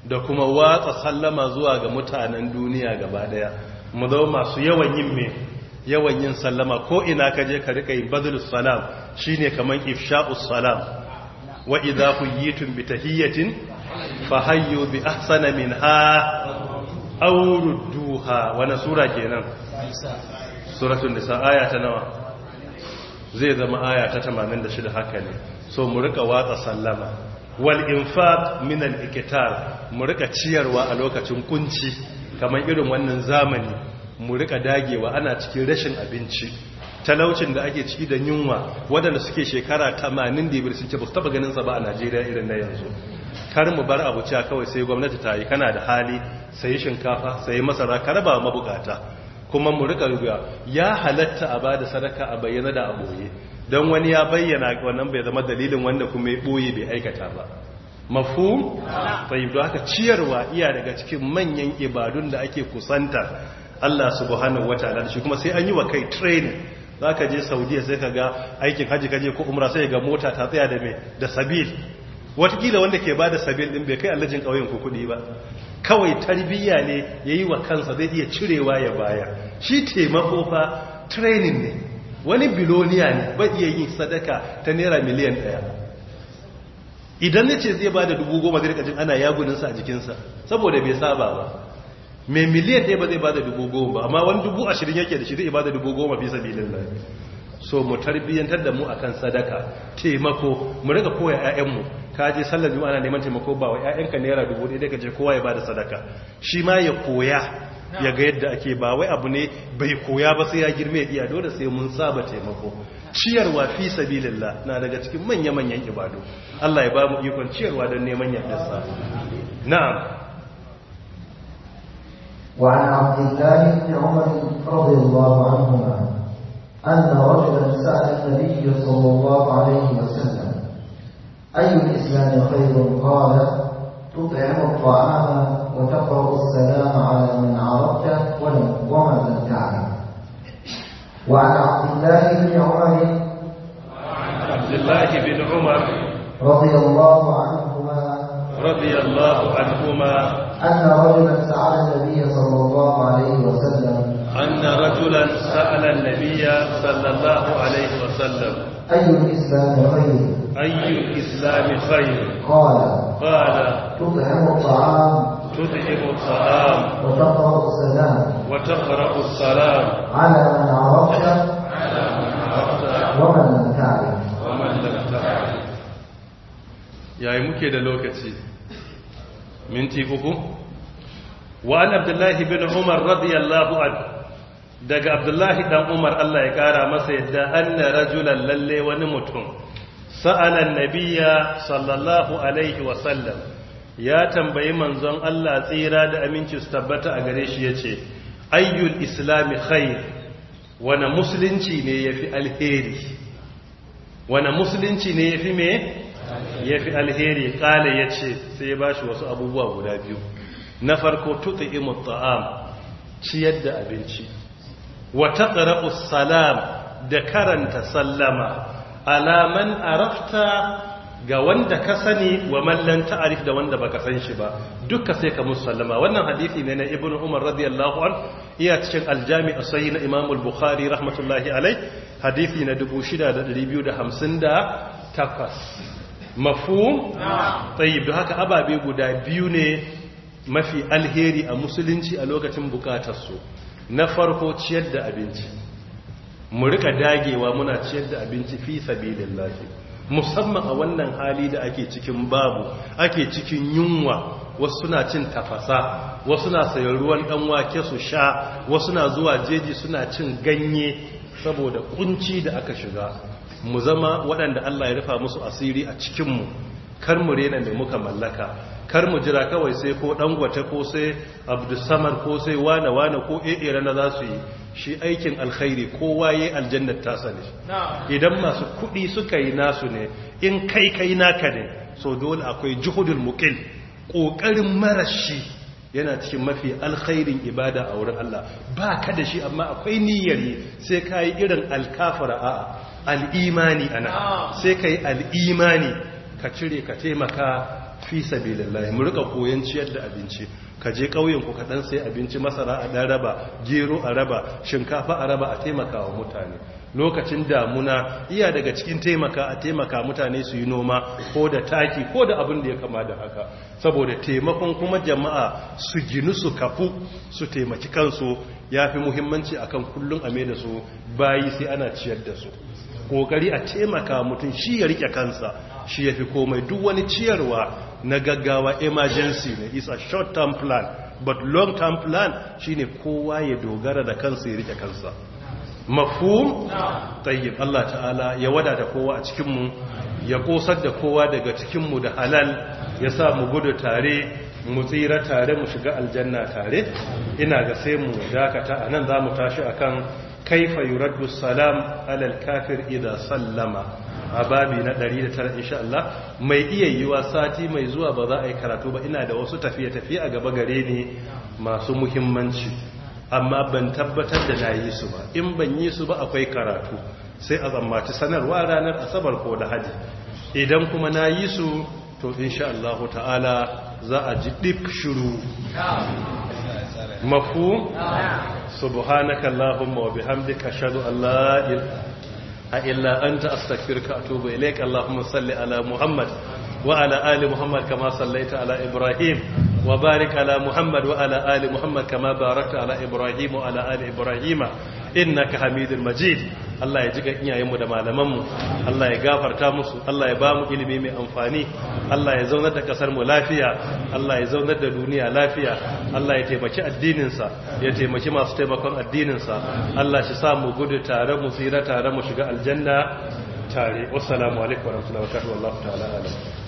da kuma watsa sallama zuwa ga mutanen duniya gaba daya mu zo masu yawan yin me yawan yin sallama ko ina ka je ka rika yin badlus salam shine kaman ifsha'us salam wa idza quyitum bi fa hayyu bi ahsana minha aw rudduha wana sura kenan suratul nisa aya ta nawa zai zama aya ta 86 haka ne so mu rika watsa sallama wal infaq min ikitar mu rika ciyarwa a lokacin kunci kamar irin wannan zamani mu rika dagewa ana cikin rashin abinci talaucin da ake ciki da yunwa waɗanda suke shekara 80 da biyar sun ba su taba ganin sa ba a Najeriya irin na yanzu kar mu bar abuci kawai sai gwamnati ta yi kana da hali sai shinkafa sai masara ka raba mabukata kuma mu rika rubuwa ya halatta a bada sadaka a bayyana da a boye don wani ya bayyana wannan bai zama dalilin wanda kuma ya boye bai aikata ba Mafu. tayyib don haka ciyarwa iya daga cikin manyan ibadun da ake kusanta Allah subhanahu wataala shi kuma sai an yi wa kai training zaka je Saudiya sai ka ga aikin haji kaje ko umra sai ga mota ta tsaya da me da sabil watakila wanda ke bada da sabil din bai kai allajin ƙauyen ku kuɗi ba kawai tarbiyya ne ya yi wa kansa zai iya cirewa ya baya shi taimako fa training ne wani biloniya ne ba iya yin sadaka ta naira miliyan ɗaya idan na ce zai ba da dubu goma zai jin ana yagunansa a jikinsa saboda bai saba ba mai miliyan ɗaya ba zai ba da dubu goma amma wani dubu ashirin yake da shi zai ba da dubu goma fi sabilin lafi so mu tarbiyyantar da mu akan sadaka taimako mu riga koya ƴaƴanmu ka je sallar juma'a neman taimako ba wa ƴaƴanka naira dubu ɗaya ka je kowa ya bada sadaka shi ma ya koya ya ga yadda ake ba wai abu ne bai koya ba sai ya girme iya dole sai mun saba taimako ciyarwa fi sabilillah na daga cikin manya-manyan ibadu Allah ya ba mu ikon ciyarwa don neman yardarsa na'am
وعن عبد الله بن عمر رضي الله عنهما أن رجلا سأل النبي صلى الله عليه وسلم أي الإسلام خير قال تطعم الطعام وتقرأ السلام على من عرفته ومن لم تعرف وعن عبد الله بن عمر
وعن عبد الله بن عمر رضي
الله عنهما
رضي الله عنهما أن رجلا
سأل النبي صلى الله عليه وسلم
أن رجلا سأل النبي صلى الله عليه وسلم أي الإسلام خير أي الإسلام خير قال قال تطعم الطعام تطعم
الطعام وتقرأ السلام
وتقرأ السلام على من عرفت
على من عرفت ومن لم تعرف ومن لم تعرف
يا muke da lokaci minti وعن عبد الله بن عمر رضي الله عنه daga abdullahi dan umar Allah ya kara masa yadda anna rajulan lalle wani mutum sa'alan nabiyya sallallahu alaihi wa sallam ya tambayi manzon Allah tsira da aminci su tabbata a gare shi yace ayyul islami khair wana musulunci ne yafi alheri wana musulunci ne yafi me yafi alheri kale yace sai ya bashi wasu abubuwa guda biyu na farko tut'imu ta'am ciyar da abinci wata taqra'u salam da karanta sallama alaman arafta ga wanda ka sani wa mallan ta'arif da wanda baka san shi ba dukka sai ka musallama wannan hadisi ne na ibnu umar radiyallahu an iya cikin aljami as na imam al-bukhari rahmatullahi alai hadisi na 6258 mafhum tayyib don haka ababe guda biyu ne mafi alheri a musulunci a lokacin bukatar su na farko ciyar da abinci mu rika dagewa muna ciyar da abinci fi lafi musamman a wannan hali da ake cikin babu ake cikin yunwa wasu suna cin tafasa wasu na sayan ruwan dan wake su sha wasu na zuwa jeji suna cin ganye saboda kunci da aka shiga mu zama waɗanda Allah ya rufa musu asiri a cikin mu kar mu rena mai muka mallaka kar mu jira kawai sai ko dangwace ko sai abdussamad ko sai wane wane ko ere na za su yi shi aikin alkhairi kowa waye aljannar tasa ne idan masu kuɗi suka yi nasu ne in kai kai naka ne so dole akwai juhudul Ƙoƙarin mara marashi yana cikin mafi alkhairin ibada a wurin Allah ba ka da shi amma akwai niyyar yi sai ka yi irin alkafara a'a al'imani ana sai ka yi al'imani ka cire ka taimaka fi sabilillah mu rika koyon ciyar da abinci ka je ƙauyen ku ka dan sai abinci masara a dan raba gero a raba shinkafa a raba a taimaka wa mutane lokacin damuna iya daga cikin taimaka a taimaka mutane su yi noma ko da taki ko da abin da ya kama da haka saboda taimakon kuma jama'a su ginu su kafu su taimaki kansu ya fi muhimmanci akan kullum a mai da su bayi sai ana ciyar da su kokari a taimaka mutum shi ya rike kansa shi ya fi komai duk wani ciyarwa na gaggawa emergency ne is a short term plan but long term plan shine kowa ya dogara da kansa ya rike kansa mafhum tayyib Allah ta'ala ya wadata kowa a cikin mu ya kosar da kowa daga cikin mu da halal ya sa mu gudu tare mu tsira tare mu shiga aljanna tare ina ga sai mu dakata anan zamu tashi akan kaifa yuraddu salam alal kafir idza sallama a babi na 109 insha Allah mai iya yiwa sati mai zuwa ba za a yi karatu ba ina da wasu tafiye tafiye a gaba gare ni masu muhimmanci amma ban tabbatar da nayi su ba in ban yi su ba akwai karatu sai a tsammaci sanarwa ranar asabar ko da haji idan kuma nayi su to insha Allah ta'ala za a ji dik shiru mafu subhanaka allahumma wa bihamdika ashhadu an la ilaha illa anta astaghfiruka wa atubu ilaik allahumma salli ala muhammad وعلى آل محمد كما صليت على إبراهيم وبارك على محمد وعلى آل محمد كما باركت على إبراهيم وعلى آل إبراهيم innaka hamidul majid Allah ya ji kan mu da malaman mu Allah ya gafarta musu Allah ya ba mu ilimi mai amfani Allah ya zaunar da kasar mu lafiya Allah ya zaunar da duniya lafiya Allah ya taimaki addinin sa ya taimaki masu taimakon addinin sa Allah shi sa mu gudu tare mu tsira tare mu shiga aljanna tare wassalamu alaikum warahmatullahi wabarakatuh wallahu ta'ala alam